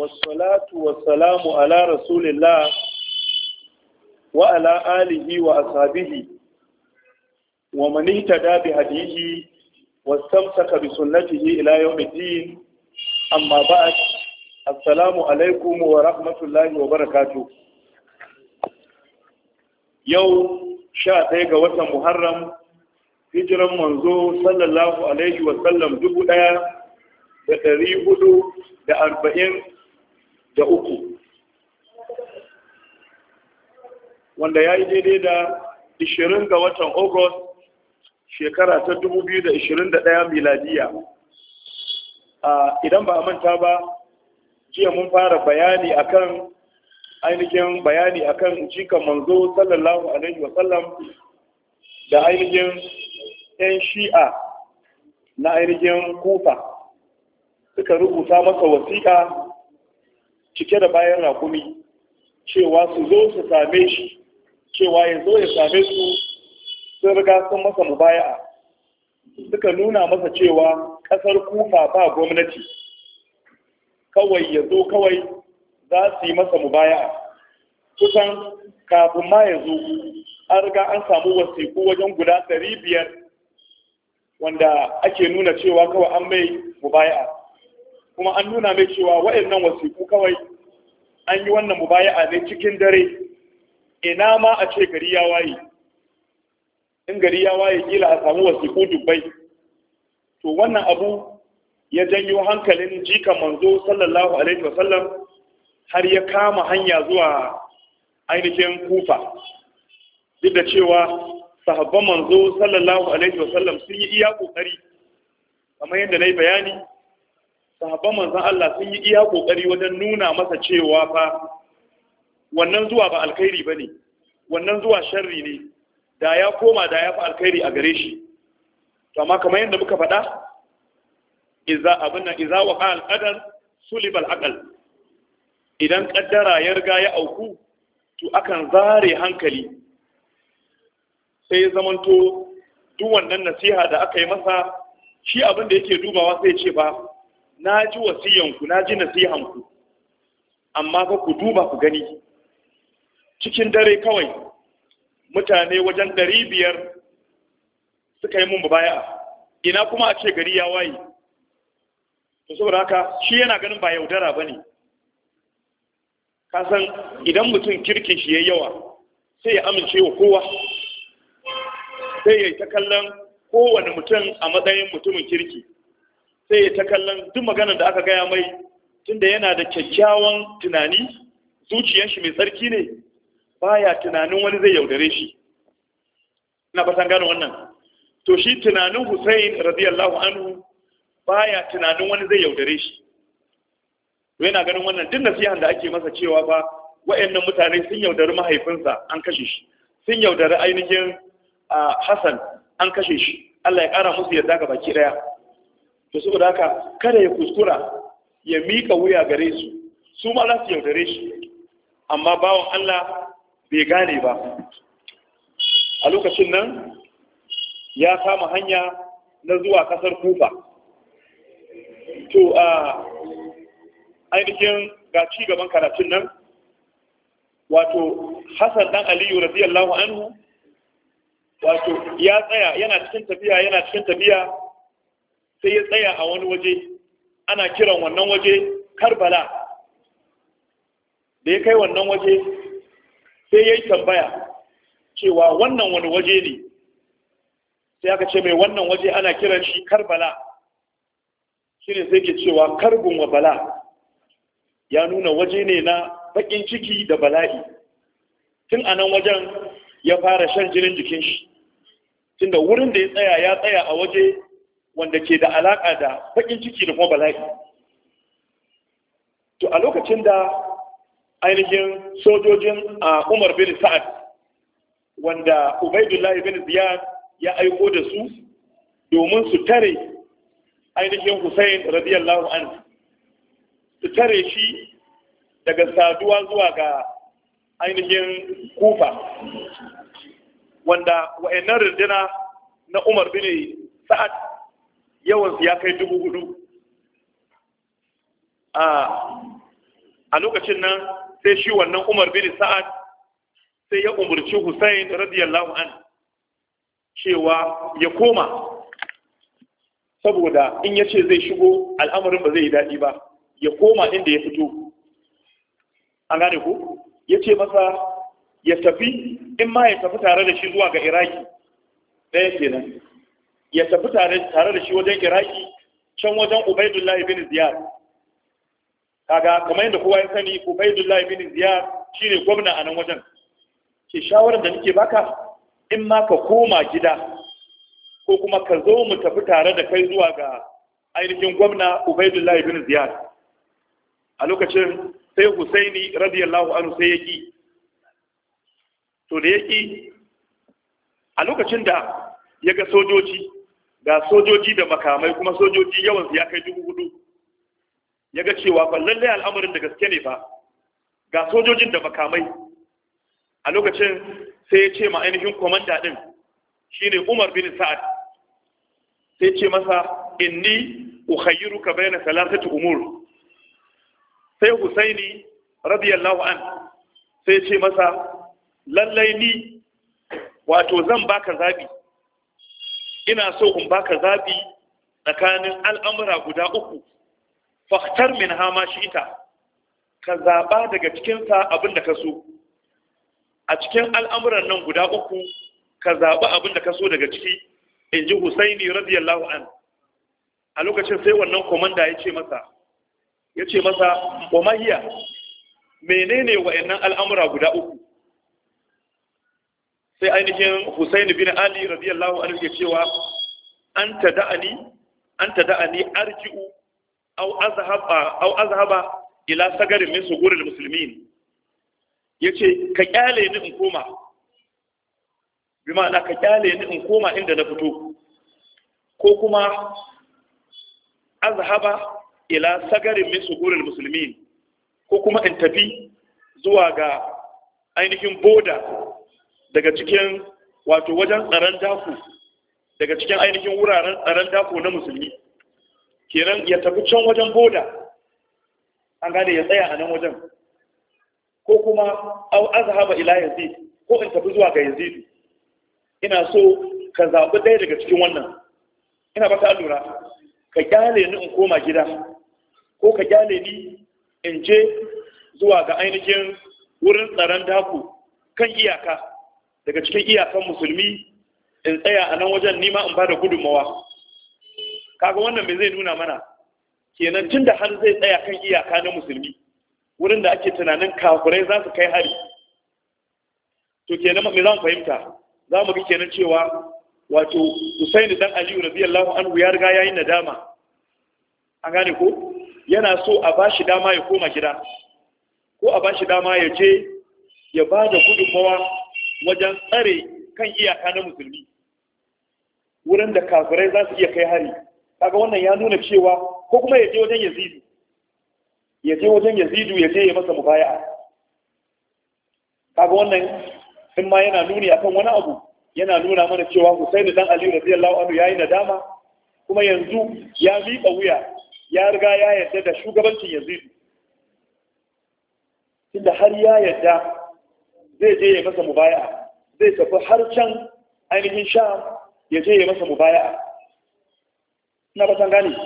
wasalatu wasalamu ala rasulillah wa ala alihi wa ashabihi wa man ihtada bi hadihi wastamsaka bi sunnatihi ila yawmiddin amma ba'd assalamu alaikum wa rahmatullahi wa barakatuh yau 11 ga watan muharram hijiran manzo sallallahu alaihi wa sallam dubu daya da ɗari huɗu da arba'in da uku wanda ya yi daidai da 20 ga watan august shekara ta 2021 miladiya idan ba a manta ba jiya mun fara bayani akan ainihin bayani akan jikan manzo sallallahu alaihi wasallam da ainihin 'yan shi'a na ainihin kufa suka rubuta masa wasiƙa cike da bayan rakumi cewa su zo su same shi cewa ya zo ya same su sun riga sun masa mubaya'a suka nuna masa cewa ƙasar kufa ba gwamnati kawai ya zo kawai za su yi masa mubaya'a kusan kafin ma ya zo an riga an samu wasiku wajen guda ɗari biyar wanda ake nuna cewa kawai an mai mubaya'a kuma an nuna mai cewa wa'annan wasiku kawai an yi wannan mubaya'a ne cikin dare ina ma a ce gari ya waye in gari ya waye kila a samu wasiku dubbai to wannan abu ya janyo hankalin jika manzo sallallahu alaihi wasallam har ya kama hanya zuwa ainihin kufa duk da cewa sahabban manzo sallallahu alaihi wasallam sun yi iya kokari kamar yadda na yi bayani sahabban manzan Allah sun yi iya ƙoƙari wajen nuna masa cewa fa wannan zuwa ba alkhairi ne, wannan zuwa sharri ne da ya koma da ya fi alkhairi a gare shi to amma kamar yadda muka faɗa iza abin nan iza waqa alqadar sulibal aqal idan ƙaddara ya riga ya auku to akan zare hankali sai zamanto duk wannan nasiha da aka yi masa shi abin da yake dubawa sai ce ba na ji wasiyanku na ji nasihanku amma fa ku duba ku gani cikin dare kawai mutane wajen ɗari biyar suka yi mun baya ina kuma a ce gari ya waye to saboda haka shi yana ganin ba yaudara ba ne kasan idan mutum kirkin shi ya yawa sai ya amince wa kowa sai ya yi ta kallon kowane mutum a matsayin mutumin kirki sai ta kallon duk maganar da aka gaya mai tunda yana da kyakkyawan tunani zuciyar shi mai tsarki ne baya tunanin wani zai yaudare shi ina fatan gano wannan to shi tunanin Hussein radiyallahu anhu baya tunanin wani zai yaudare shi to yana ganin wannan duk nasihan da ake masa cewa ba wayannan mutane sun yaudari mahaifinsa an kashe shi sun yaudari ainihin ah, Hassan an kashe shi Allah ya kara musu yadda ga baki daya to da haka kada ya kuskura ya mika wuya gare su su ma za su yaudare shi amma bawan Allah bai gane ba a lokacin nan ya kama hanya na zuwa kasar kufa to a ainihin ga ci gaban karatun nan wato hassan dan aliyu radiyallahu anhu wato ya tsaya yana cikin tafiya yana cikin tafiya sai ya tsaya a wani waje ana kiran wannan waje karbala da ya kai wannan waje sai ya yi tambaya cewa wannan wani waje ne sai aka ce mai wannan waje ana kiran shi karbala shi ne sai ke cewa karbin wa bala ya nuna waje ne na baƙin ciki da bala'i tun a nan wajen ya fara shan jinin jikin shi tunda wurin da ya tsaya ya tsaya a waje wanda ke da alaƙa da baƙin ciki da kuma bala'i to a lokacin da ainihin sojojin a umar bin sa'ad wanda ubaidullah bin ziyad ya aiko da su domin su tare ainihin hussein radiyallahu anhu su tare shi daga saduwa zuwa ga ainihin kufa wanda wa'annan rindina na umar bin sa'ad yawansu ya kai dubu hudu a lokacin nan sai shi wannan umar bin sa'ad sai ya umarci hussein radiyallahu an cewa ya koma saboda in ya ce zai shigo al'amarin ba zai yi daɗi ba ya koma inda ya fito an gane ku ya ce masa ya tafi in ma ya tafi tare da shi zuwa ga iraki ɗaya kenan ya tafi tare da shi wajen iraki can wajen ubaidullahi bin ziyar kaga kamar yadda kowa ya sani ubaidullahi bin ziyar shine gwamna a nan wajen ke shawarar da nake baka in ma ka koma gida ko kuma ka zo mu tafi tare da kai zuwa ga ainihin gwamna ubaidullahi bin ziyar a lokacin sai husaini radiyallahu anhu sai yaki to da yaki a lokacin da ya ga sojoji ga sojoji da makamai kuma sojoji yawan su ya kai dubu hudu ya ga cewa fa lalle al'amarin da gaske ne fa ga sojojin da makamai a lokacin sai ya ce ma ainihin komanda din shine Umar bin Sa'ad sai ce masa inni ka bayna salasatu umur sai Husaini radiyallahu an sai ce masa lallai ni wato zan baka zabi ina so in baka zabi tsakanin al'amura guda uku faktar min hama shi ita ka zaɓa daga cikinsa abin da ka so a cikin al'amuran nan guda uku ka zaɓi abin da ka so daga ciki in ji husaini radiyallahu an a lokacin sai wannan komanda ya ce masa ya ce masa wa mahiya menene wa'annan al'amura guda uku sai ainihin Husaini bin Ali radiyallahu anhu ya cewa an da'ani anta da'ani arji'u aw azhaba aw azhaba ila sagarin min suguril almuslimin yace ka kyale ni in koma bi ma'ana ka kyale ni in koma inda na fito ko kuma azhaba ila sagarin min suguril almuslimin ko kuma in tafi zuwa ga ainihin boda daga cikin wato wajen tsaron dako daga cikin ainihin wuraren tsaron dako na musulmi kenan ya tafi can wajen boda an gane ya tsaya a nan wajen ko kuma au azhaba ila yazid ko in tafi zuwa ga yazid ina so ka zabi ɗaya daga cikin wannan ina ba ta lura ka kyale ni in koma gida ko ka kyale ni in je zuwa ga ainihin wurin tsaron dako kan iyaka daga cikin iyakan musulmi in tsaya a nan wajen nima in ba da gudunmawa kaga wannan mai zai nuna mana kenan tun da har zai tsaya kan iyaka na musulmi wurin da ake tunanin kafirai za su kai hari to kenan mai za mu fahimta za mu ga kenan cewa wato Usaini dan Aliyu radiyallahu anhu ya riga yayin nadama an gane ko yana so a ba shi dama ya koma gida ko a ba shi dama ya je ya bada gudunmawa wajen tsare kan iyaka na musulmi wurin da kafirai za su iya kai hari kaga wannan ya nuna cewa ko kuma ya je wajen yazidu ya je wajen yazidu ya je ya masa mubaya'a kaga wannan in ma yana nuni akan wani abu yana nuna mana cewa Husain dan Ali radiyallahu anhu yayi nadama kuma yanzu ya miƙa wuya ya riga ya yarda da shugabancin yazidu. tunda har ya yarda zai je ya masa mubaya zai tafi har can ainihin sha ya je ya masa mubaya na batan gane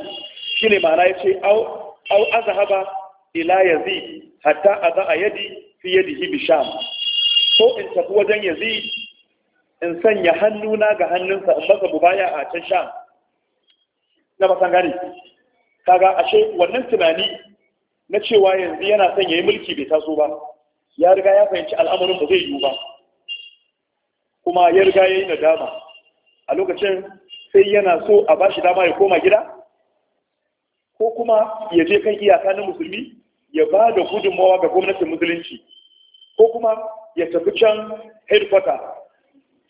shi ne ma'ana ya ce au haba? ila yazi hatta a za a yadi fi yadi hibi sha. ko in tafi wajen yazi in sanya hannuna ga hannunsa in masa mubaya a can sha na batan gane kaga ashe wannan tunani na cewa yanzu yana son ya yi mulki bai taso ba ya riga ya fahimci al'amarin ba zai yiwu ba kuma ya riga ya yi nadama a lokacin sai yana so a ba shi dama ya koma gida ko kuma ya je kan iyaka na musulmi ya ba da gudunmawa ga gwamnatin musulunci ko kuma ya tafi can headquarter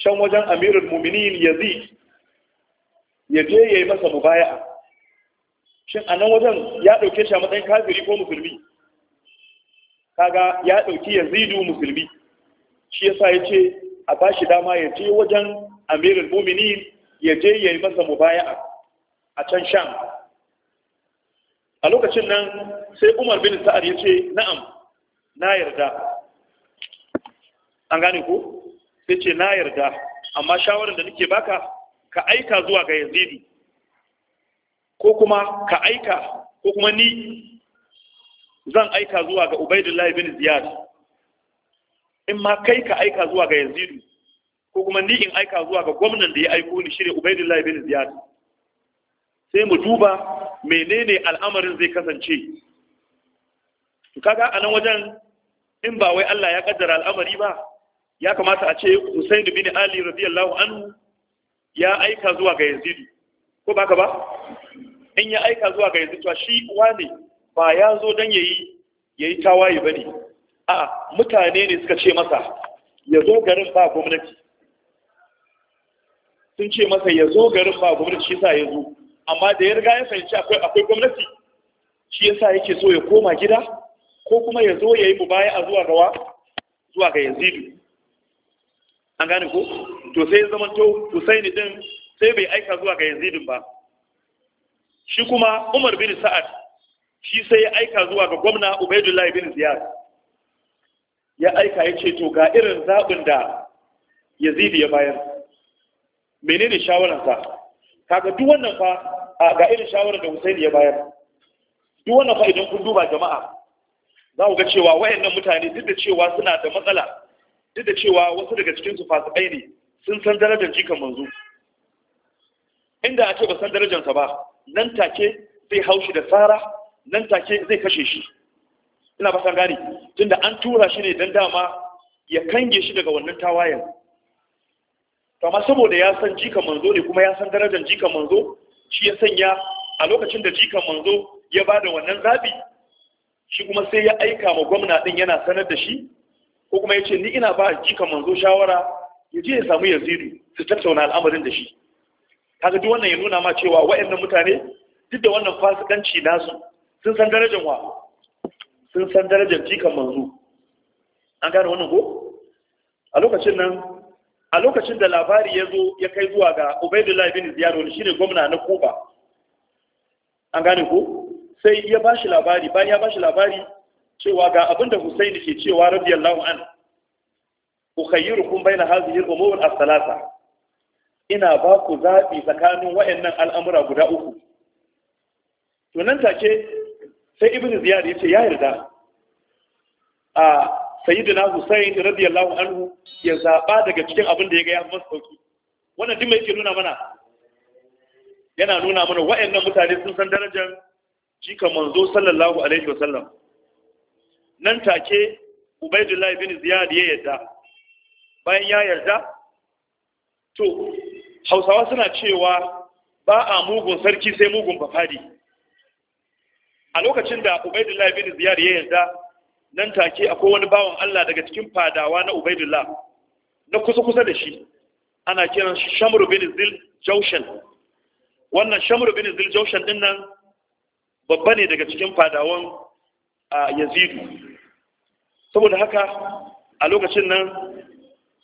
can wajen amirul muminin yazid ya je ya yi masa mubaya'a shin a nan wajen ya ɗauke shi a matsayin kafiri ko musulmi kaga ya ɗauki yazidu musulmi shi yasa ya ce a ba shi dama ya je wajen amirin bumini ya je ya yi masa mubaya a can sham a lokacin nan sai umar bin sa'ad ya ce na'am na yarda an gane ko sai ce na yarda amma shawarar da nake baka ka aika zuwa ga yazidu ko kuma ka aika ko kuma ni zan aika zuwa ga Ubaidullah bin Ziyad in ma kai ka aika zuwa ga Yazidu ko kuma ni in aika zuwa ga gwamnan da ya aiko ni shirye Ubaidullah bin Ziyad sai mu duba menene al'amarin zai kasance to kaga anan wajen in ba wai Allah ya kaddara al'amari ba ya kamata a ce Husainu bin Ali radiyallahu anhu ya aika zuwa ga Yazidu ko baka ba in ya aika zuwa ga Yazidu to shi ne? ba ya zo don yayi yayi tawaye bane a'a mutane ne suka ce masa ya zo garin ba gwamnati sun ce masa ya zo garin ba gwamnati shi sa ya zo amma da ya riga ya fahimci akwai gwamnati shi yasa yake so ya koma gida ko kuma ya zo ya yi mubaya a zuwa gawa zuwa ga yazidu an gane ko to sai ya zama to husaini din sai bai aika zuwa ga Yazidu ba shi kuma umar bin sa'ad shi sai ya aika zuwa ga gwamna ubaidullahi bin ziyad ya aika ya ce to ga irin zaɓin da yazidi ya bayar menene shawararsa kaga duk wannan fa ga irin shawarar da husaini ya bayar duk wannan fa idan kun duba jama'a za ku ga cewa wayannan mutane duk da cewa suna da matsala duk da cewa wasu daga cikin su fasikai ne sun san darajar jikan manzo inda a ce ba san darajarsa ba nan take zai haushi da tsara nan take zai kashe shi ina ba san gane tunda an tura shi ne dan dama ya kange shi daga wannan tawayen to amma saboda ya san jika manzo ne kuma ya san darajar jika manzo shi ya sanya a lokacin da jika manzo ya ba da wannan zabi shi kuma sai ya aika ma gwamna din yana sanar da shi ko kuma ya ce ni ina ba jika manzo shawara ya je ya samu yazidu su tattauna al'amarin da shi kaga duk wannan ya nuna ma cewa wa'annan mutane duk da wannan fasikanci nasu sun san darajar wa sun san darajar jikan manzo an gane wannan ko a lokacin nan a lokacin da labari ya zo ya kai zuwa ga ubaidullahi bin ziyad wani shine gwamna na kuba an gane ko sai ya ba shi labari bayan ya ba shi labari cewa ga abinda husaini ke cewa radiyallahu an ukhayyirukum baina hadhihi al-umur as-salasa ina ba ku zaɓi tsakanin wa'annan al'amura guda uku. To nan take sai ibn ziyad yace ya yarda a sayyidina husayn radiyallahu anhu ya zaba daga cikin abin da ya ga ya masa sauki wannan duk mai yake nuna mana yana nuna mana wa'annan mutane sun san darajar jikan manzo sallallahu alaihi wasallam nan take ubaidullahi Ibn ziyad ya yarda bayan ya yarda to hausawa suna cewa ba a mugun sarki sai mugun bafadi a lokacin da ubaidullah bin ziyar ya yarda nan take akwai wani bawan Allah daga cikin fadawa na ubaidullah na kusa kusa da shi ana kiran shi shamru bin zil Jawshan. wannan shamru bin zil Jawshan din nan babba ne daga cikin fadawan yazidu saboda haka a lokacin nan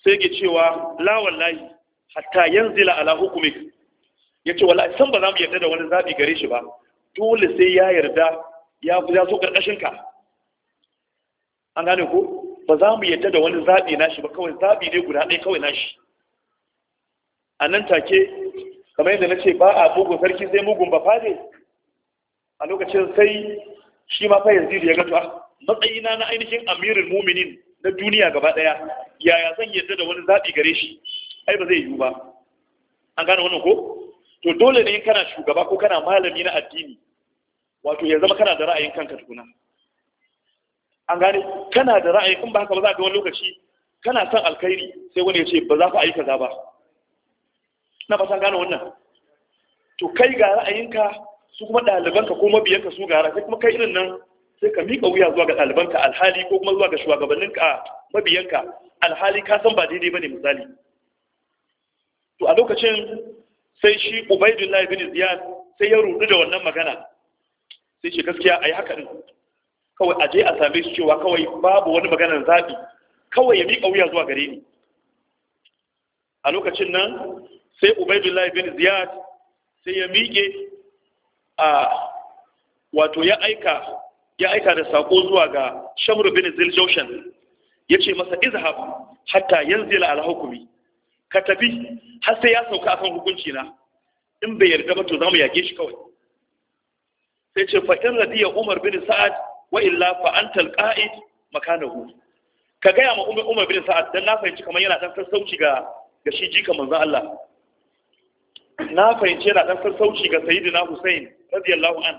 sai ke cewa la wallahi hatta yanzila ala hukumik yace wallahi san ba za mu yarda da wani zabi gare shi ba dole sai ya yarda ya fi zaso karkashin ka an gane ko ba za mu yadda da wani zaɓi nashi ba kawai zaɓi ne guda ɗaya kawai nashi a nan take kamar yadda na ce ba a bugun sarki sai mugun ba fade a lokacin sai shi ma fa yanzu ya gato ah, matsayina na ainihin amirin muminin na duniya gaba ɗaya, yaya zan yadda da wani zaɓi gare shi ai ba zai yiwu ba an gane wannan ko to dole ne kana shugaba ko kana malami na addini wato ya zama kana da ra'ayin kanka tukuna an gane kana da ra'ayi in ba haka ba za ga wani lokaci kana son alkhairi sai wani ya ce ba za ka aika kaza ba na ba san gane wannan to kai ga ra'ayinka su kuma ɗalibanka ko mabiyanka su gara sai kuma kai irin nan sai ka miƙa wuya zuwa ga ɗalibanka alhali ko kuma zuwa ga ka mabiyanka alhali ka san ba daidai bane misali to a lokacin sai shi ubaidullahi bin ziyad sai ya rudu da wannan magana sai shi gaskiya a yi haka din kawai a je a same shi cewa kawai babu wani maganar zafi. kawai ya miƙa wuya zuwa gare ni a lokacin nan sai ubaidullahi bin ziyad sai ya miƙe a wato ya aika ya aika da sako zuwa ga shamru bin ziljoshan ya ce masa izhab hatta yanzila al hukumi ka tafi har sai ya sauka akan hukunci na in bai yarda ba to za mu yage shi kawai sai ce fa in radiya Umar bin Sa'ad wa illa fa antal qa'id makanahu ka gaya ma Umar bin Sa'ad dan na fahimci kamar yana dan sassauci ga ga shi jika manzo Allah na fahimci yana dan sassauci ga Sayyidina husain radiyallahu an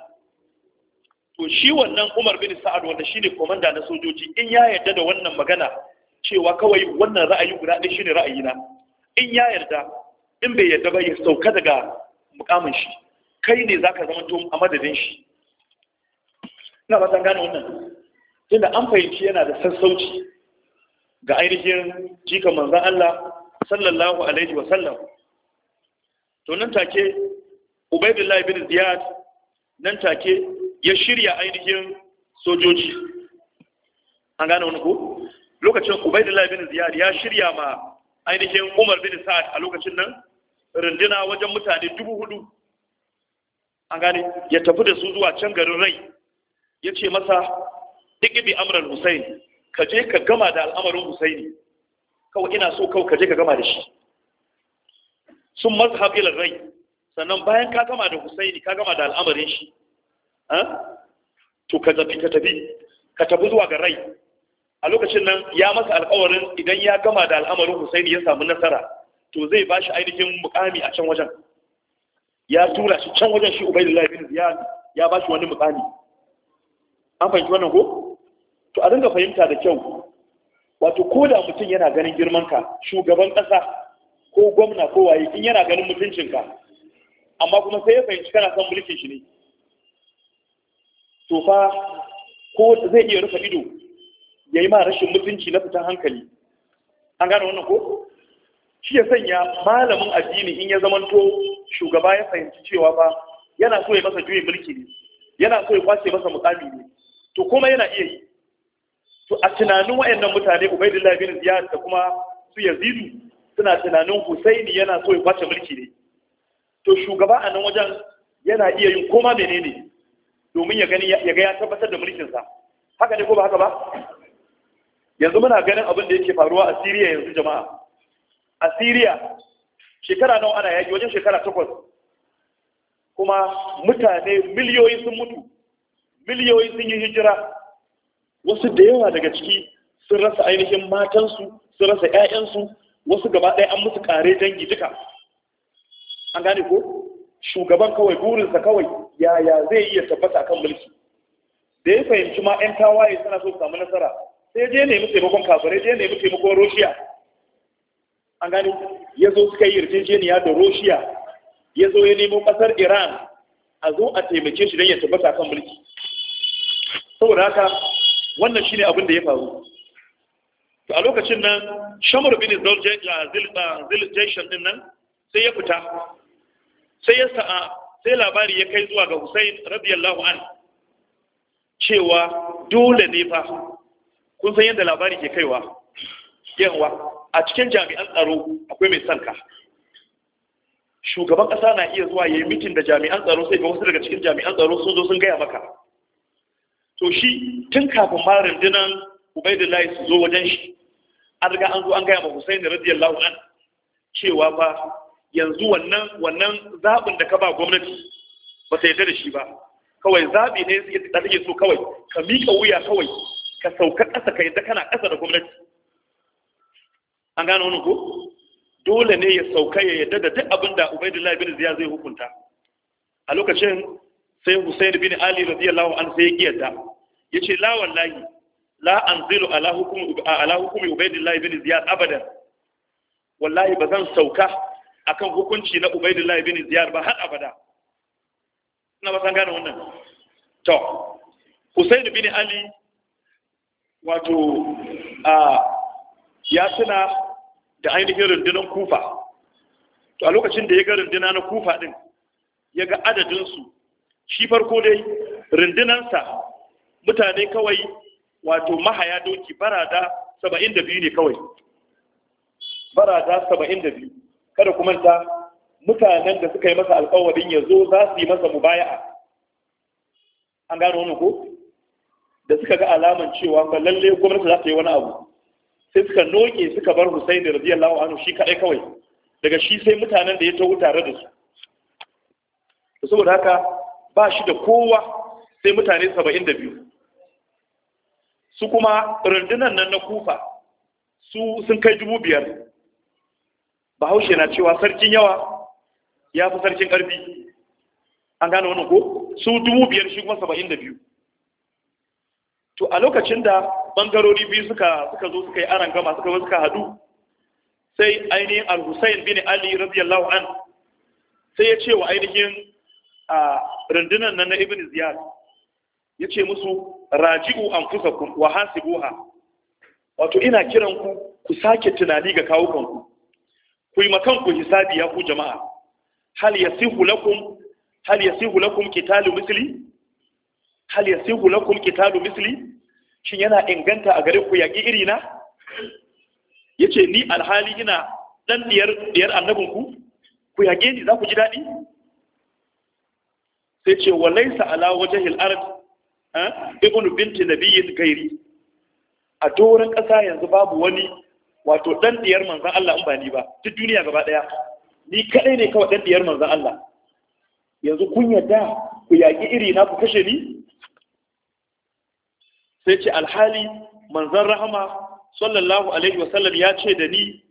to shi wannan Umar bin Sa'ad wanda shine komanda na sojoji in ya yarda da wannan magana cewa kawai wannan ra'ayi guda ɗaya shine ra'ayina in ya yarda in bai yarda ba ya sauka daga mukamin shi kai ne zaka zama to a madadin shi ina ba san gane wannan tunda an fahimci yana da sassauci ga ainihin jika manzon Allah sallallahu alaihi wa sallam to nan take Ubaydullah ibn Ziyad nan take ya shirya ainihin sojoji an gane wani ko lokacin Ubaydullah ibn Ziyad ya shirya ma ainihin Umar bin Sa'ad a lokacin nan runduna wajen mutane dubu hudu an gane ya tafi da su zuwa can garin rai ya ce masa bi amran Hussein ka je ka gama da al'amarin Husaini kawai ina so kawai ka je ka gama da shi sun mazhab ila rai sannan bayan ka gama da Husaini ka gama da al'amarin shi ah, to ka tafi ka tafi ka tafi zuwa ga rai a lokacin nan ya masa alkawarin idan ya gama da al'amarin Husaini ya samu nasara to zai ba shi ainihin mukami a can wajen ya tura shi can wajen shi Ubaydullah bin Ziyad ya ba shi wani mukami an fahimci wannan ko to a dinga fahimta da kyau wato ko da mutum yana ganin girmanka shugaban kasa, ko gwamna ko waye in yana ganin mutuncinka amma kuma sai ya fahimci kana son mulkin shi ne to fa ko zai iya rufe ido ya yi ma rashin mutunci na fitan hankali an gane wannan ko shi ya sanya malamin addini in ya zamanto shugaba ya fahimci cewa ba yana so ya masa juyin mulki ne yana so ya kwace masa mukami ne to kuma yana iya yi to a tunanin wayannan mutane ubaidillah bin ziyad da kuma su yazidu suna tunanin husaini yana so ya kwace mulki ne to shugaba a nan wajen yana iya yin koma menene domin ya gani ya ga ya tabbatar da mulkinsa haka ne ko ba haka ba yanzu muna ganin abin da yake faruwa a Siriya yanzu jama'a a Siriya shekara nawa ana yaki wajen shekara takwas kuma mutane miliyoyi sun mutu miliyoyi sun yi hijira wasu da yawa daga ciki sun rasa ainihin matansu sun rasa 'ya'yansu wasu gaba ɗaya an musu kare dangi duka an gane ko shugaban kawai burinsa kawai yaya zai iya tabbata akan mulki da ya fahimci ma 'yan tawaye suna so su samu nasara sai je nemi taimakon kasuwar je nemi taimakon roshiya an gani ya zo suka yi yarjejeniya da roshiya ya zo ya nemo kasar iran a zo a taimake shi don ya tabbata kan mulki saboda haka wannan shine abin da ya faru to a lokacin nan shamar bin ah, ziljashin ah, din nan sai ya fita sai ya sa'a sai labari ya kai zuwa ga hussein rabiyallahu an cewa dole ne fa kun san yadda labari ke kaiwa yawa a cikin jami'an tsaro akwai mai sanka shugaban ƙasa na iya zuwa ya yi mitin da jami'an tsaro sai ga wasu daga cikin jami'an tsaro sun zo sun gaya maka to shi tun kafin ma rundunan ubaidullahi su zo wajen shi an riga an zo an gaya ma husaini radiyallahu an cewa ba yanzu wannan wannan zaɓin da ka ba gwamnati ba ta yarda da shi ba kawai zaɓi ne da take so kawai ka miƙa wuya kawai ka sauka ƙasa ka yadda kana ƙasa da gwamnati an gano wani ko dole ne ya sauka ya yadda da duk abin da ubaidullahi bin Ziya zai hukunta a lokacin sai husain bin ali radiyallahu an sai ya ki ya ce la wallahi la anzilu ala hukumi ala hukumi ubaidullahi bin ziyar abadan wallahi ba zan sauka akan hukunci na ubaidullahi bin ziyar ba har abada ina ba san gane wannan to husain bin ali wato ya tuna da ainihin rundunar kufa to a lokacin da ya ga runduna na kufa din ya ga adadinsu shi farko dai rundunansa mutane kawai wato mahaya doki barada saba'in da biyu ne kawai barada saba'in da biyu kada kuma ta mutanen da suka yi masa alkawarin ya zo za su yi masa mubaya'a an gano wani ko da suka ga alaman cewa ba lalle gwamnati za ta yi wani abu sai suka noke suka bar Husaini radiyallahu anhu shi kadai kawai daga shi sai mutanen da ya taho tare da su saboda haka ba shi da kowa sai mutane 72 su kuma rundunan nan na kufa su sun kai dubu biyar bahaushe na cewa sarkin yawa ya fi sarkin ƙarfi an gane wani ko su dubu biyar shi kuma saba'in da biyu to a lokacin da bangarori biyu suka suka zo suka yi arangama suka suka hadu sai ainihin al-Husayn bin Ali radiyallahu an sai ya ce wa ainihin a rundunan nan na Ibn Ziyad ya ce musu raji'u anfusakum wa hasibuha wato ina kiran ku ku sake tunani ga kawo kanku ku yi makan ku hisabi ya ku jama'a hal yasihu lakum hal yasihu lakum qitalu misli hal yasihu lakum qitalu misli shin yana inganta a gare ku yaƙi iri na ce ni alhali ina ɗan ɗiyar annabinku ku yaƙe ni za ku ji daɗi sai ce laisa ala waje ard eh, ibn binti nabiyyin gairi a doron ƙasa yanzu babu wani wato ɗan ɗiyar manzan Allah in ba ni ba duk duniya gaba ɗaya ni kaɗai ne kawai ɗan ɗiyar manzan Allah yanzu kun yarda ku yaƙi iri na ku kashe ni sai ce alhali manzon rahama sallallahu alaihi wasallam ya ce da ni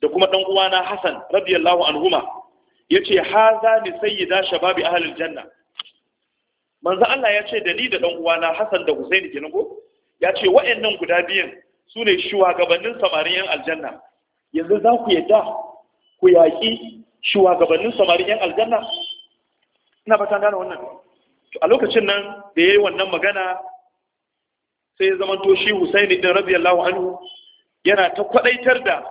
da kuma dan uwana Hassan radiyallahu anhuma Ya ha haza ni sayyida shababi ahalin janna manzon Allah ya ce da ni da dan uwana Hassan da Husaini kenan ya ce wa'annan guda biyan su ne shuwagabannin samarin yan aljanna yanzu za ku yadda ku yaƙi shuwagabannin samarin yan aljanna ina ba ta gane wannan a lokacin nan da ya yi wannan magana sai ya zama toshi Husaini din radiyallahu anhu yana ta kwadaitar da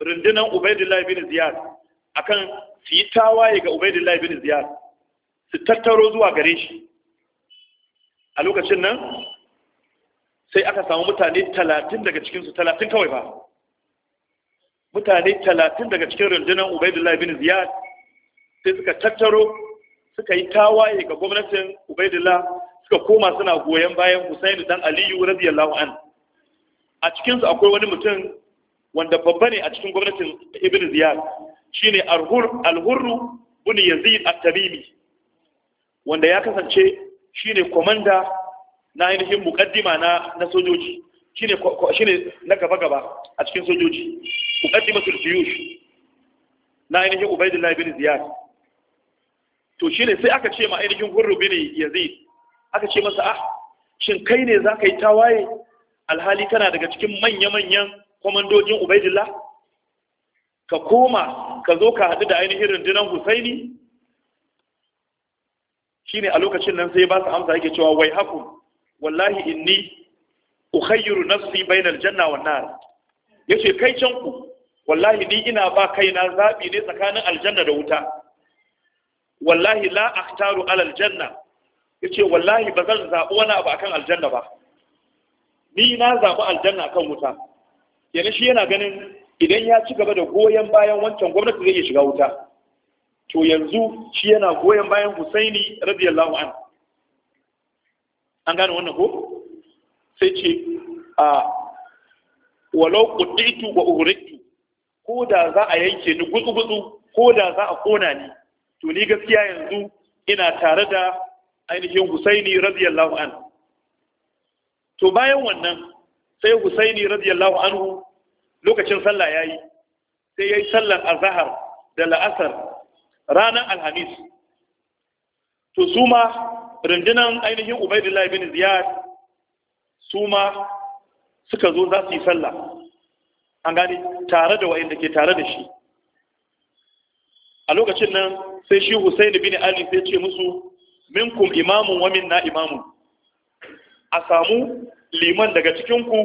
rundunar Ubaidillah bin Ziyad akan su yi tawaye ga Ubaidillah bin Ziyad su tattaro zuwa gare shi a lokacin nan sai aka samu mutane talatin daga cikinsu talatin kawai ba mutane talatin daga cikin rundunar Ubaidillah bin Ziyad sai suka tattaro suka yi tawaye ga gwamnatin Ubaidillah suka koma suna goyon bayan Husainu dan Aliyu radiyallahu an a cikin su akwai wani mutum wanda babba ne a cikin gwamnatin Ibn Ziyad shine Al-Hurr bin Yazid at tabibi wanda ya kasance shine komanda na ainihin mukaddima na na sojoji shine shine na gaba gaba a cikin sojoji sul jiyush na ainihin Ubaydullah bin Ziyad to shine sai aka ce ma ainihin Hurr bin Yazid aka ce masa ah shin kai ne za ka yi tawaye alhali kana daga cikin manya-manyan kwamandojin ubaidillah ka koma ka zo ka haɗu da ainihin rundunar husaini ne a lokacin nan sai ba su amsa yake cewa wai haku wallahi inni ukhayyiru nafsi bainal janna wan nar yace kai can ku wallahi ni ina ba kaina zabi ne tsakanin aljanna da wuta wallahi la akhtaru ala aljanna ya ce wallahi ba zan zaɓi wani abu akan aljanna ba ni na zaɓi aljanna akan wuta yana shi yana ganin idan ya ci gaba da goyon bayan wancan gwamnati zai iya shiga wuta to yanzu shi yana goyon bayan husaini radiyallahu an an gane wannan ko sai ce a walau kuditu wa uhuritu ko da za a yanke ni gutsu-gutsu ko da za a kona ni to ni gaskiya yanzu ina tare da ainihin Husaini radiyallahu an to bayan wannan sai Husaini radiyallahu anhu lokacin sallah yayi sai yayi sallar azhar da la'asar ranar alhamis to su ma rundunan ainihin Ubaidillah bin Ziyad su ma suka zo za su yi sallah an gane tare da wa'inda ke tare da shi a lokacin nan sai shi Husaini bin Ali sai ce musu minkum imamun wa minna imamun a samu liman daga cikinku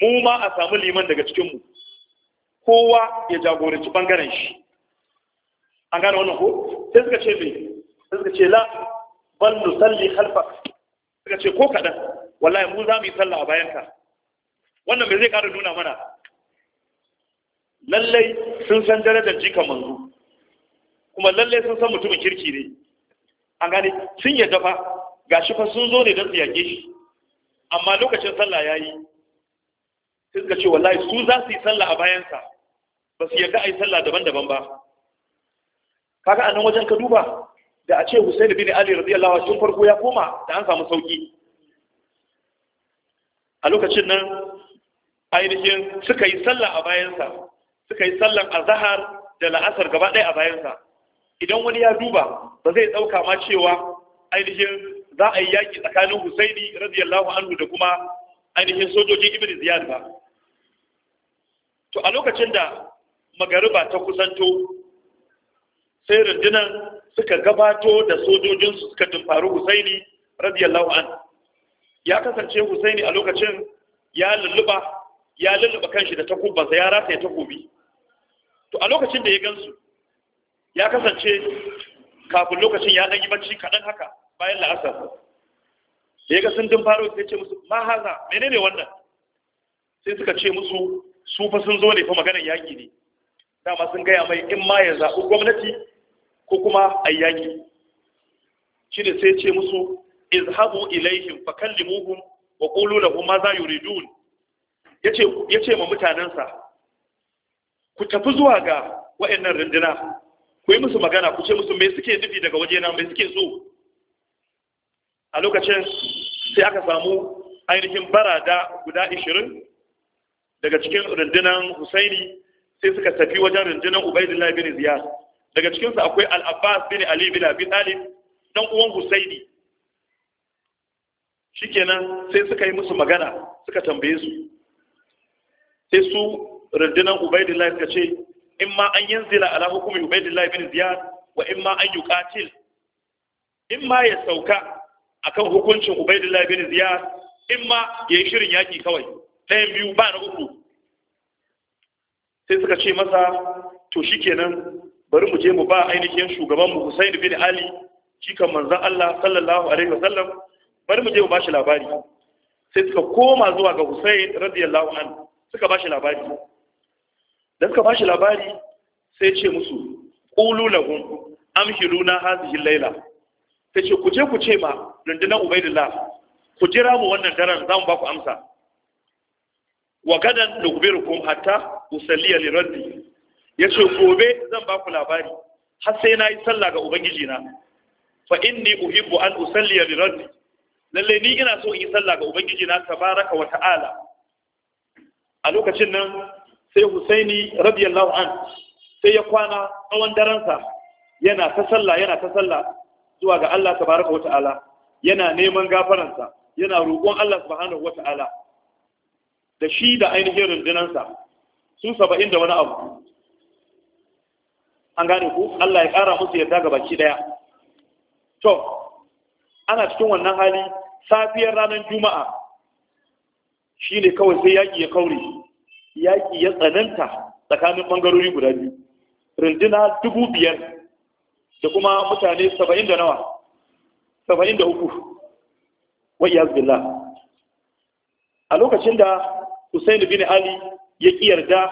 mu ma a samu liman daga cikinmu kowa ya jagoranci bangaren shi an gane wannan ko sai suka ce me sai suka ce la bal nusalli khalfak suka ce ko kadan wallahi mu za mu yi sallah a bayanka wannan me zai ƙara nuna mana lallai sun san darajar jikan manzo kuma lallai sun san mutumin kirki ne an gane sun yadda ga shi fa sun zo ne don su yage shi amma lokacin sallah ya yi sun ga ce wallahi su za su yi sallah a bayansa ba su yadda a yi sallah daban-daban ba kaga anan wajen ka duba da a ce Hussein bin Ali radiyallahu anhu farko ya koma da an samu sauki a lokacin nan ainihin suka yi sallah a bayansa suka yi sallan azhar da la'asar gaba ɗaya a bayansa idan wani ya duba ba zai ɗauka ma cewa ainihin za a yi yaƙi tsakanin husaini radiyallahu anhu da kuma ainihin sojojin ibn ziyad ba to a lokacin da magariba ta kusanto sai rundunan suka gabato da sojojinsu suka dumfari husaini radiyallahu anhu ya kasance husaini a lokacin ya lulluba ya lulluba kanshi da takubansa ya rataye takobi to a lokacin da ya gansu ya kasance kafin lokacin ya ɗanyi bacci kaɗan haka bayan la'asar da ya ga sun dun faro sai ce musu ma haza menene wannan sai suka ce musu su fa sun zo ne fa maganar yaƙi ne dama sun gaya mai in ma ya zaɓi gwamnati ko kuma a yaƙi shi da sai ce musu izhabu ilaihim fa kallimuhum wa qulu lahum ma za yuridun yace yace ma mutanensa. ku tafi zuwa ga wayannan runduna ku yi musu magana ku ce musu me suke nufi daga waje na me suke so a lokacin sai aka samu ainihin barada guda 20 daga cikin rundunar Husaini sai suka tafi wajen rundunar Ubaidillah bin ziyar daga cikinsu akwai al'abbas bin Ali bin Abi Talib dan uwan Husaini shikenan sai suka yi musu magana suka tambaye su sai su rundunar Ubaidillah suka ce imma an yanzila ala hukumi ubaidillah bin ziyad wa imma an yuqatil imma ya sauka akan hukuncin ubaidillah bin ziyad imma yi shirin yaki kawai ɗayan biyu ba na uku sai suka ce masa to shikenan bari mu je mu ba ainihin shugaban mu Husain bin Ali jikan manzon Allah sallallahu alaihi wasallam bari mu je mu shi labari sai suka koma zuwa ga Husain radiyallahu anhu suka shi labari da suka bashi labari sai ce musu qulu lahum amhiluna hadhihi hazihin laila sai ce ku je ku ce ma rundunar ubaidullah ku jira mu wannan daren za mu ba ku amsa wa gadan rukun hatta usalliya li Ya ce gobe zan ba ku labari har sai nayi sallah ga ubangiji na fa inni uhibbu an usalliya li lalle ni ina so in yi sallah ga ubangiji na tabaraka wa ta'ala a lokacin nan sai husaini radiyallahu an sai ya kwana tsawon daransa yana ta sallah yana ta sallah zuwa ga Allah tabaraka wata'ala yana neman gafaransa yana roƙon Allah subhanahu wata'ala da shi da ainihin rundunansa su saba'in da wani abu an gane ku Allah ya ƙara musu yadda ga baki ɗaya to ana cikin wannan hali safiyar ranar juma'a shi ne kawai sai yaƙi ya kaure yaƙi ya tsananta tsakanin ɓangarori guda biyu runduna dubu biyar da kuma mutane saba'in da nawa saba'in da uku wa'iyaz billah a lokacin da Hussein bin Ali ya ƙi yarda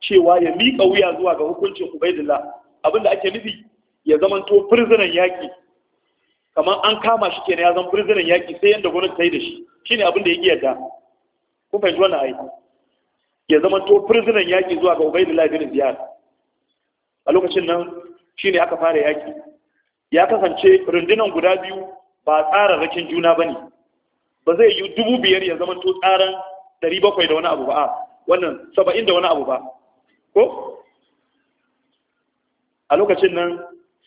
cewa ya miƙa wuya zuwa ga hukuncin Ubaidillah abinda ake nufi ya zama to firzinan yaƙi kamar an kama shi kenan ya zama firzinan yaƙi sai yadda gwamnati ta yi da shi shine abinda ya ƙi yarda kun fahimci wannan aiki ya zama to prisoner yaki zuwa ga Ubaydullah bin Ziyad a lokacin nan shine aka fara yaki ya kasance rundunan guda biyu ba tsara rakin juna bane ba zai yi dubu biyar ya zama to tsaran 700 da wani abu ba a wannan 70 da wani abu ba ko a lokacin nan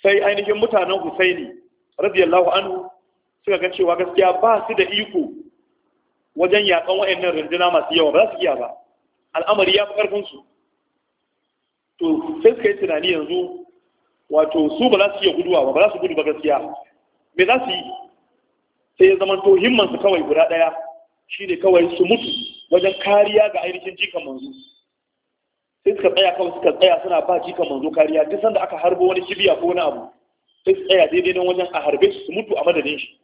sai ainihin mutanen Husaini radiyallahu anhu suka ga cewa gaskiya ba su da iko wajen yakan wayannan runduna masu yawa ba za su iya ba al'amari ya fi ƙarfinsu to sai suka yi tunani yanzu wato su ba za su iya guduwa ba ba za su gudu ba gaskiya me za su yi sai ya zama to himmansu kawai guda ɗaya shi ne kawai su mutu wajen kariya ga ainihin jikan manzo sai suka tsaya kawai suka tsaya suna ba jikan manzo kariya duk sanda aka harbo wani kibiya ko wani abu sai su tsaya daidai don wajen a harbe su mutu a madadin shi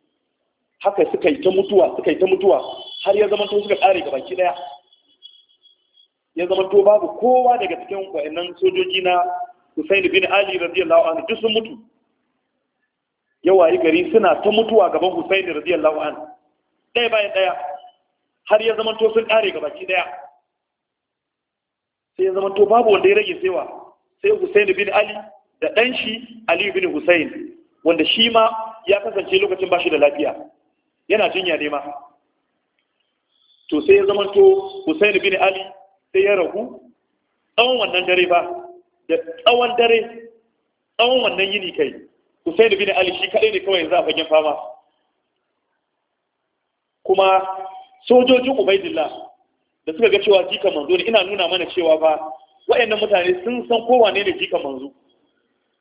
haka suka yi ta mutuwa suka yi ta mutuwa har ya zama to suka ƙare baki ɗaya ya zama to babu kowa daga cikin wa'annan sojoji na Hussein bin Ali radiyallahu anhu duk sun mutu yi gari suna ta mutuwa gaban Hussein radiyallahu anhu ɗaya bayan ɗaya har ya zama to sun ƙare gabaki ɗaya sai ya zama to babu wanda ya rage saiwa sai Hussein bin Ali da ɗan shi Ali bin Hussein wanda shi ma ya kasance lokacin bashi da lafiya yana jinya ne ma to sai ya zama to Hussein bin Ali sai ya ragu tsawon wannan dare ba da tsawon dare tsawon wannan yini kai da bi Ali shi kaɗai ne kawai za a fagen fama kuma sojojin Ubaidillah da suka ga cewa jikan manzo ne ina nuna mana cewa ba wayannan mutane sun san kowa ne jikan manzo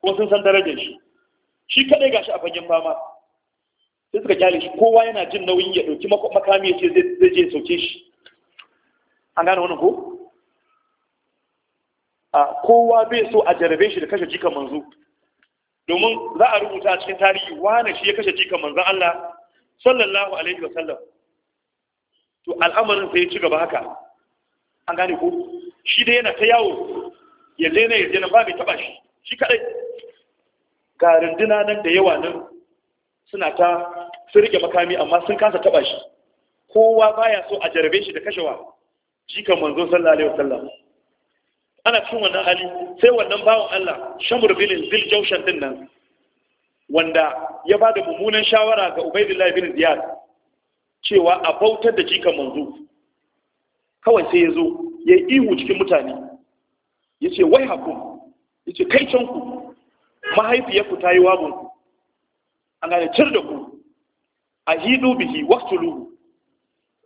kuma sun san darajar shi shi kaɗai gashi a fagen fama sai suka kyale shi kowa yana jin nauyin ya dauki makami ya ce zai je sauke shi an gane wani ko kowa bai so a jarabe shi da kashe jika manzo domin za a rubuta a cikin tarihi wane shi ya kashe jika manzon Allah sallallahu alaihi wa sallam to al'amarin sai ya ci gaba haka an gane ko shi dai yana ta yawo ya je ya je ba bai taba shi shi kadai ga runduna nan da yawa nan suna ta sun rike makami amma sun kasa taba shi kowa baya so a jarabe shi da kashewa jika manzo sallallahu alaihi wa sallam ana cikin wannan hali sai wannan bawan Allah shamur bilin bil, jaushan din nan wanda ya ba da mummunan shawara ga ubaidullahi bin ziyad cewa a bautar da jikan manzo kawai sai ya zo ya ihu cikin mutane ya ce wai haku ya ce kai canku mahaifiyarku ta yi ku an gane cir da ku a hidu bihi waktulu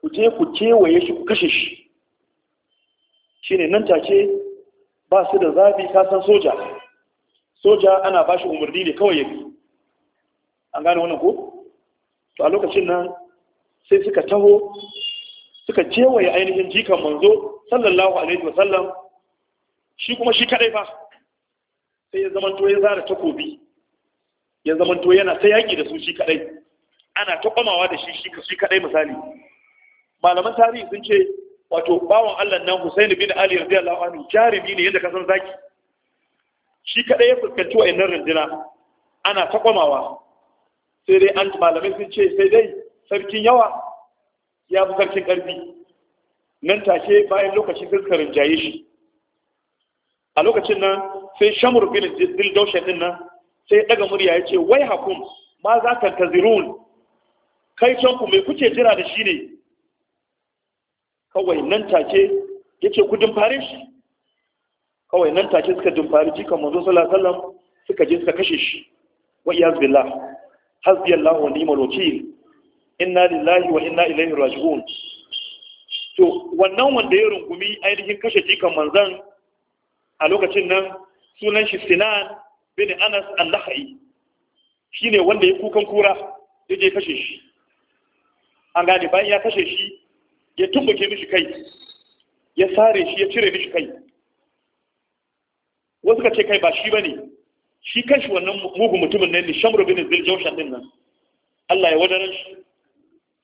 ku je ku kewaye shi ku kashe shi shine nan take ba su da zafi kasan soja soja ana ba shi umarni ne kawai yabi an gane wannan ko to a lokacin nan sai suka taho suka kewaye ainihin jikan manzo sallallahu alaihi wa sallam shi kuma shi kadai ba. sai ya zamanto ya zara takobi ya zamanto yana ta yaƙi da su shi kadai ana ta kwamawa da shi shi kadai misali malaman tarihi sun ce wato bawan Allah nan Husaini bin Ali radiyallahu anhu jarumi ne yadda ka san zaki shi kada ya fuskanci wayannan rindina, ana takwamawa sai dai an malamai sun ce sai dai sarkin yawa ya fi sarkin karfi nan take bayan lokaci suka rinjaye shi a lokacin nan sai shamur bin dildaushen din nan sai daga murya ya ce wai hakum ma za ka tazirun kai can ku mai kuke jira da shi ne kawai nan take ya ce ku dumfare shi kawai nan take suka dumfari jikan manzo sallallahu alaihi wasallam suka je suka kashe shi wa iyaz billah hasbi Allah wa ni'mal inna lillahi wa inna ilaihi raji'un to wannan wanda ya rungumi ainihin kashe jikan manzon a lokacin nan sunan shi Sinan bin Anas al-Nakhai shine wanda ya kukan kura ya je kashe shi an gane bayan ya kashe shi ya tumbuke mishi kai ya sare shi ya cire mishi kai wasu ka ce kai ba shi ba ne shi kanshi wannan mugu mutumin nan ne shamru bin ziljaushan din nan Allah ya wadaran shi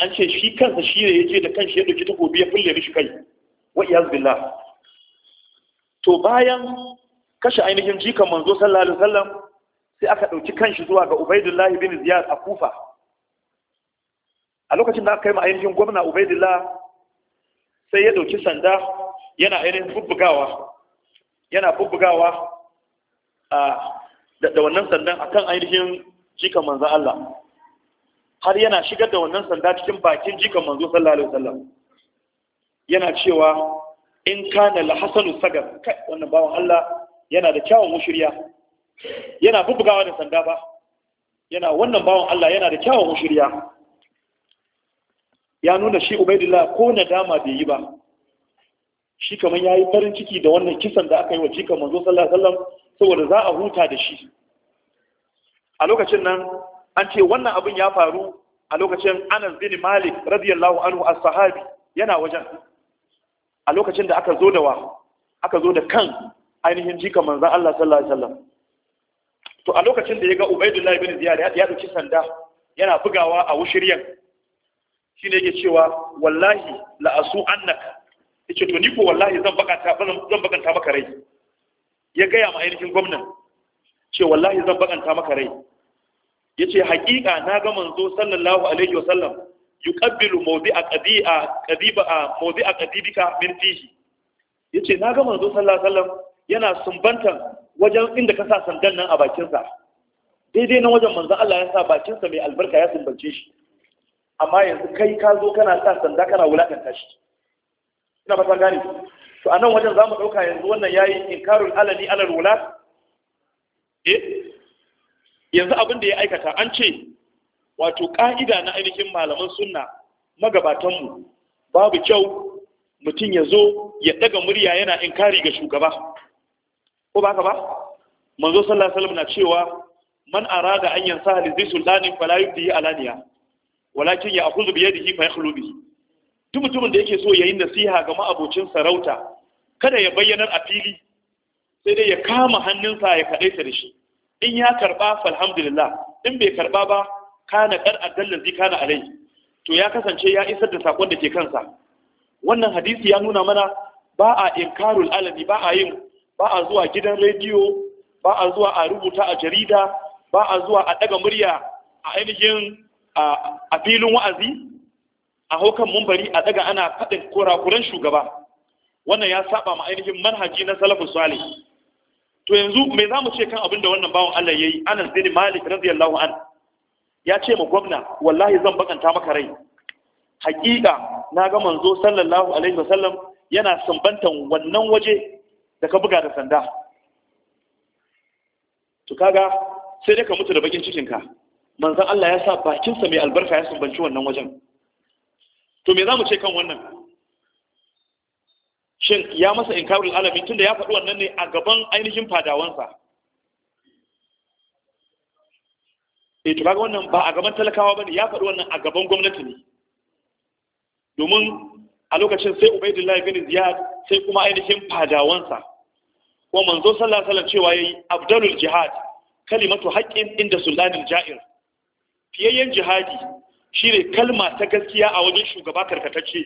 an ce shi kansa shi ne ya je da kanshi ya ɗauki takobi ya fulle mishi kai wa iyaz billah to bayan kashe ainihin jikan manzo sallallahu alaihi wasallam sai aka ɗauki kanshi zuwa ga Ubaidullah bin Ziyad a Kufa a lokacin da aka kai ma ainihin gwamna Ubaidullah sai ya ɗauki sanda yana irin bubbugawa yana bubbugawa da wannan sandan akan ainihin jikan manzo Allah har yana shigar da wannan sanda cikin bakin jikan manzo sallallahu alaihi wasallam yana cewa in kana lahasanu sagar kai wannan bawan Allah yana da kyawun mushriya yana bubbugawa da sanda ba yana wannan bawan Allah yana da kyawun mushriya ya nuna shi ubaidillah ko nadama bai yi ba shi kamar ya yi farin ciki da wannan kisan da aka yi wa jikan manzo sallallahu alaihi wasallam saboda za a huta da shi a lokacin nan an ce wannan abin ya faru a lokacin Anas bin Malik radiyallahu anhu as-sahabi yana wajen a lokacin da aka zo da wa aka zo da kan ainihin jikan manzo Allah sallallahu alaihi wasallam to a lokacin da ya ga Ubaidullah ibn Ziyad ya dauki sanda yana bugawa a wushiryan ne ya cewa wallahi la'asu annaka. Ya ce to ni ko wallahi zan bakanta maka rai ya gaya ma ainihin gwamnan ce wallahi zan bakanta maka rai Ya ce hakika na ga manzo sallallahu alaihi wasallam yi mawdi'a qadi'a a mawdi'a min fihi ce na ga manzo sallallahu alaihi wasallam yana sumbantan wajen inda ka sa sandan nan a bakinsa daidai na wajen manzo Allah ya sa bakinsa mai albarka ya sumbance shi amma yanzu kai ka zo kana sa sanda kana wulakanta shi ina fatan gane to a nan wajen za mu ɗauka yanzu wannan ya yi inkarul alali alal wula eh yanzu abin da ya aikata an ce wato ƙa'ida na ainihin malaman sunna magabatanmu babu kyau mutum ya zo ya ɗaga murya yana inkari ga shugaba ko ba ka ba manzo sallallahu alaihi wasallam na cewa man arada an yansa da sultanin fala yubdi alaniya walakin ya akuzu bi yadihi fa yakhlu bi duk mutumin da yake so yi nasiha ga ma'abocin sarauta kada ya bayyanar a fili sai dai ya kama hannunsa ya kaɗai da shi in ya karɓa alhamdulillah, in bai karɓa ba kana kar addallan zai kana alai to ya kasance ya isar da sakon da ke kansa wannan hadisi ya nuna mana ba a inkarul alami ba a yin ba a zuwa gidan rediyo ba a zuwa a rubuta a jarida ba a zuwa a daga murya a ainihin a filin wa'azi a hokan mumbari a daga ana faɗin kurakuren shugaba wannan ya saba ma ainihin manhaji na salafin salih to yanzu me za mu ce kan abin da wannan bawan Allah ya yi anas bin malik radiyallahu an ya ce ma gwamna wallahi zan bakanta maka rai hakika na ga manzo sallallahu alaihi wasallam yana sumbantan wannan waje da ka buga da sanda to kaga sai dai ka mutu da bakin cikin ka manzan Allah ya sa bakinsa mai albarka ya sumbanci wannan wajen to me za mu ce kan wannan shin ya masa inkarin alamin tunda ya faɗi wannan ne a gaban ainihin fadawansa e to kaga wannan ba a gaban talakawa ba ne. ya faɗi wannan a gaban gwamnati ne domin a lokacin sai ubaidullahi bin ziyad sai kuma ainihin fadawansa ko manzo sallallahu alaihi wasallam cewa yayi abdalul jihad kalimatu haqqin inda sultanil ja'ir fiyayyen jihadi shi ne kalma ta gaskiya a wajen shugaba karkatacce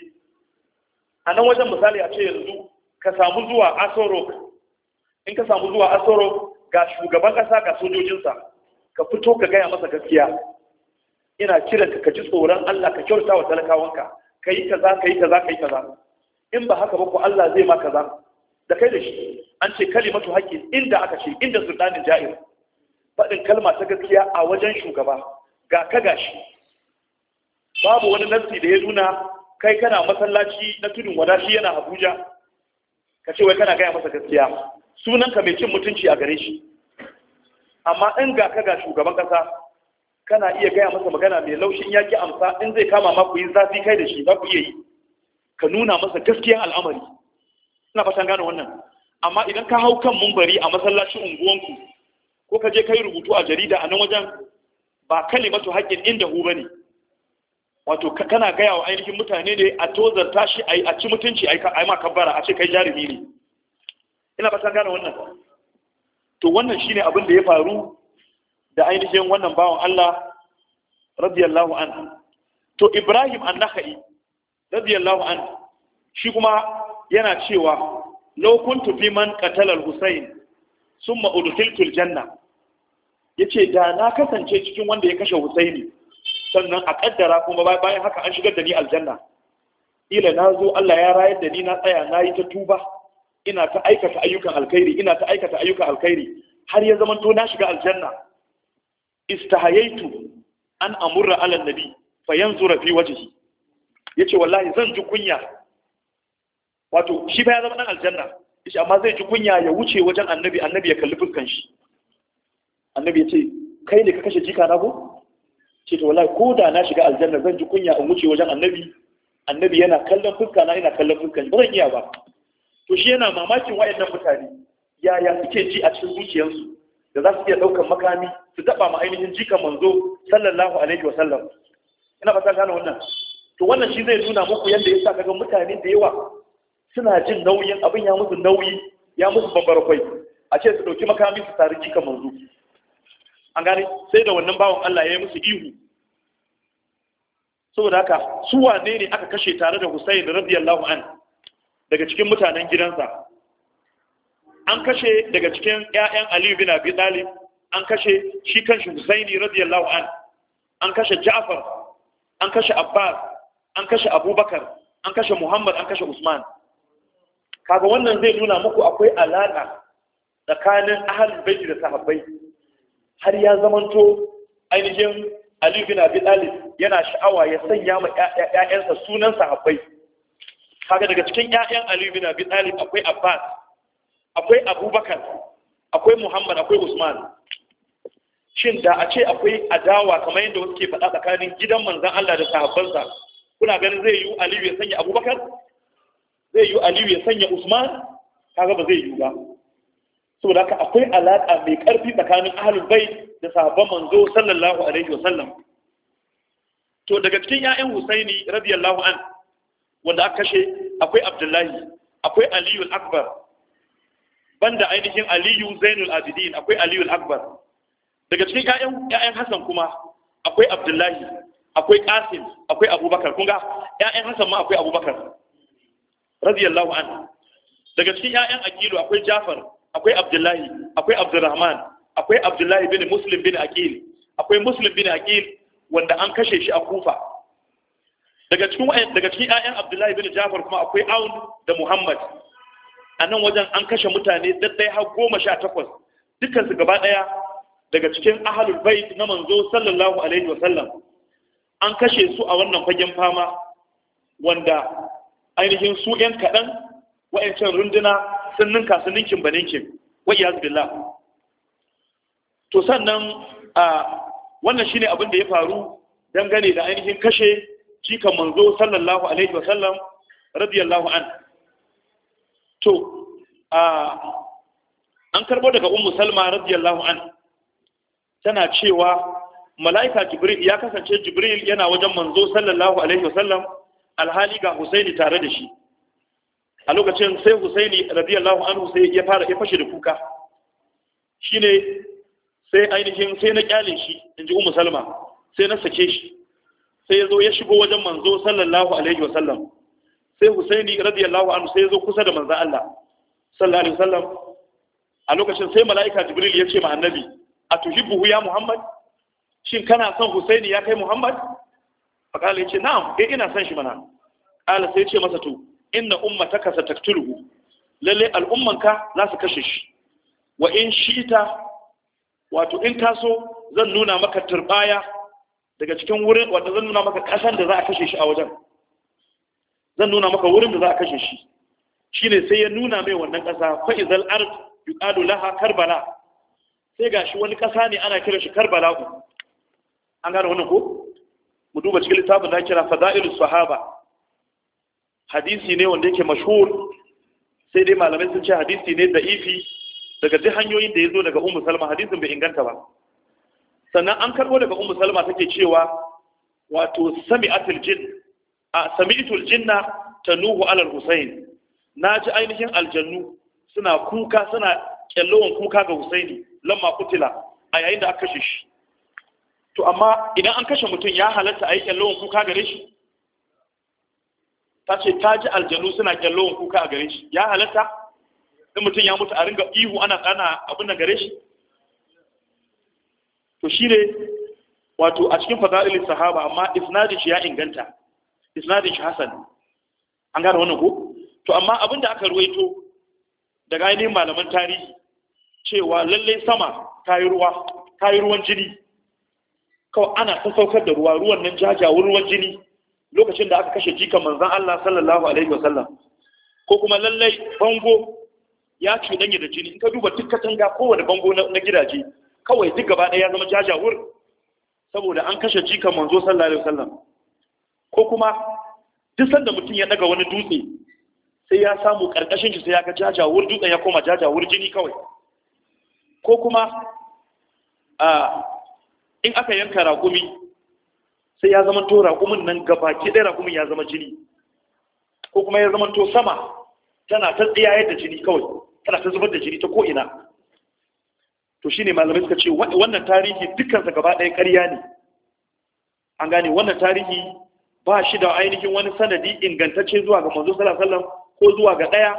a nan wajen misali a ce yanzu ka samu zuwa asoro in ka samu zuwa asoro ga shugaban ƙasa ga sojojinsa ka fito ka gaya masa gaskiya ina kiran ka ji tsoron Allah ka kyauta wa talakawanka ka yi kaza ka yi kaza ka yi kaza in ba haka ba ku Allah zai ma kaza da kai da shi an ce kalimatu haƙƙi inda aka ce inda sultanin ja'ir faɗin kalma ta gaskiya a wajen shugaba ga ka gashi babu wani nassi da ya nuna kai kana masallaci na tudun wada shi yana Abuja ka ce wai kana gaya masa gaskiya sunan ka mai cin mutunci a gare shi amma in ga ka ga shugaban kasa kana iya gaya masa magana mai laushin yaki amsa in zai kama ma ku zafi kai da shi za ku iya yi ka nuna masa gaskiyar al'amari ina fatan gane wannan amma idan ka hau kan mumbari a masallacin unguwanku ko ka je kai rubutu a jarida a nan wajen ba kalimatu haƙƙin inda hu bane wato kana gaya wa ainihin mutane ne a tozarta shi a ci mutunci a yi ma kabbara a ce kai jarumi ne ina ba ta gane wannan to wannan shi ne abin da ya faru da ainihin wannan bawan Allah radiyallahu an to Ibrahim an-Nakhai radiyallahu an, shi kuma yana cewa lokuntu kuntu fi man sun al-Husayn janna Ya ce da na kasance cikin wanda ya kashe Husaini sannan a kaddara kuma bayan haka an shigar da ni aljanna ila na zo Allah ya rayar da ni na tsaya na yi ta tuba ina ta aikata ayyukan alkhairi ina ta aikata ayyukan alkhairi har ya zama to na shiga aljanna istahayaitu an amurra ala nabi fa yanzura fi wajhi yace wallahi zan ji kunya wato shi fa ya zama dan aljanna shi amma zai ji kunya ya wuce wajen annabi annabi ya kalli fuskan shi annabi ya ce kai ne ka kashe jika na ko ce to wallahi ko da na shiga aljanna zan ji kunya in wuce wajen annabi annabi yana kallon fuska na ina kallon fuskan ba zan iya ba to shi yana mamakin wayannan mutane yaya suke ji a cikin zuciyarsu da za su iya ɗaukan makami su daba ma ainihin jika manzo sallallahu alaihi wa sallam ina fata gane wannan to wannan shi zai nuna muku yadda yasa kaga mutane da yawa suna jin nauyin abin ya musu nauyi ya musu babbar kwai a ce su ɗauki makami su tare jika manzo an gane sai da wannan bawan Allah ya yi musu ihu saboda haka su wane ne aka kashe tare da Hussein radiyallahu an daga cikin mutanen gidansa an kashe daga cikin ƴaƴan Ali bin Abi Talib an kashe shi kanshi Husaini radiyallahu an an kashe Ja'far an kashe Abbas an kashe Abubakar an kashe Muhammad an kashe Usman kaga wannan zai nuna muku akwai alaka tsakanin ahlul baiti da sahabbai har ya zamanto ainihin Ali bin Abi Talib yana sha'awa ya sanya ma ƴaƴansa sunan sahabbai kaga daga cikin ƴaƴan Ali bin Abi Talib akwai Abbas akwai Abubakar akwai Muhammad akwai Usman shin da a ce akwai adawa kamar yadda wasu ke faɗa tsakanin gidan manzon Allah da sahabbansa kuna ganin zai yiwu Aliyu ya sanya Abubakar zai yiwu Aliyu ya sanya Usman kaga ba zai yiwu ba saboda haka akwai alaƙa mai ƙarfi tsakanin ahlul bai da sahabban manzo sallallahu alaihi wasallam to daga cikin 'ya'yan Husaini radiyallahu an wanda aka kashe akwai Abdullahi akwai Aliyu al-Akbar banda ainihin Aliyu Zainul Abidin akwai Aliyu al-Akbar daga cikin 'ya'yan ƴaƴan Hassan kuma akwai Abdullahi akwai Qasim akwai Abubakar kun ga ƴaƴan Hassan ma akwai Abubakar radiyallahu an daga cikin 'ya'yan Aqilu akwai Jafar akwai abdullahi akwai abdurrahman akwai abdullahi bin muslim bin aqil akwai muslim bin aqil wanda an kashe shi a kufa daga cikin daga cikin ayyan abdullahi bin jafar kuma akwai aun da muhammad a nan wajen an kashe mutane daddai har goma sha takwas dukansu gaba ɗaya daga cikin ahalul bait na manzo sallallahu alaihi wa sallam an kashe su a wannan fagen fama wanda ainihin su 'yan kaɗan wa'ancan runduna sun ninka sun ninkin ba ninkin wa iyaz billah to sannan a wannan shine abin da ya faru dangane da ainihin kashe cikin manzo sallallahu alaihi wa sallam radiyallahu an to a an karbo daga ummu salma radiyallahu an tana cewa mala'ika jibril ya kasance jibril yana wajen manzo sallallahu alaihi wa sallam alhali ga husaini tare da shi a lokacin sai husaini radiyallahu anhu sai ya fara ya fashe da kuka shine sai ainihin sai na kyale shi in ji umu salma sai na sake shi sai ya zo ya shigo wajen manzo sallallahu alaihi wasallam sai husaini radiyallahu anhu sai ya zo kusa da manzo Allah sallallahu alaihi wasallam a lokacin sai mala'ika jibril ya ce ma annabi a tuhibbuhu ya muhammad shin kana son husaini ya kai muhammad fakala ya ce na'am eh ina son shi mana kala sai ya ce masa to inna ummataka sataktuluhu lalle al'ummanka za su kashe shi wa in shita wato in taso zan nuna maka turbaya daga cikin wurin wato zan nuna maka kasan da za a kashe shi a wajen zan nuna maka wurin da za a kashe shi shine sai ya nuna mai wannan kasa fa izal ard yuqalu laha karbala sai gashi wani kasa ne ana kira shi karbala ku an gane wannan ko mu duba cikin littafin da kira fadailus sahaba hadisi ne wanda yake mashhur sai dai malamai sun ce hadisi ne da ifi daga duk hanyoyin da ya zo daga ummu salma hadisin bai inganta ba sannan an karbo daga ummu salma take cewa wato sami'atul jin a sami'atul jinna tanuhu alal Husaini, na ji ainihin aljannu suna kuka suna kuka ga husaini lamma kutila a yayin da aka kashe shi to amma idan an kashe mutum ya halatta a yi kuka gare shi ta ce ta ji aljanu suna kyallowar kuka a gare shi ya halatta in mutum ya mutu a ringa ihu ana tsana abin da gare shi to shi ne wato a cikin fada'ilin sahaba amma isnadin shi ya inganta isnadin shi hasan an gane wannan ko to amma abin da aka ruwaito daga ainihin malaman tarihi cewa lallai sama ta yi ruwa ta yi ruwan jini kawai ana sun saukar da ruwa ruwan nan jajawar ruwan jini lokacin da aka kashe jikan manzan Allah sallallahu alaihi wasallam ko kuma lallai bango ya cuɗanya da jini in ka duba duk katanga kowane bango na gidaje kawai duk gaba ɗaya ya zama jajawur saboda an kashe jikan manzo sallallahu alaihi wasallam ko kuma duk sanda mutum ya daga wani dutse sai ya samu karkashin shi sai ya ga jajawur dutsen ya koma jajawur jini kawai ko kuma a ah, in aka yanka raƙumi sai ya zama to raƙumin nan gabaki ɗaya raƙumin ya zama jini ko kuma ya zama to sama tana ta tsiyayar da jini kawai tana ta zubar da jini ta ko'ina to shine malamai suka ce wannan tarihi dukkansa gaba ɗaya ƙarya ne an gane wannan tarihi ba shi da ainihin wani sanadi ingantacce zuwa ga manzo sallallahu alaihi wasallam ko zuwa ga ɗaya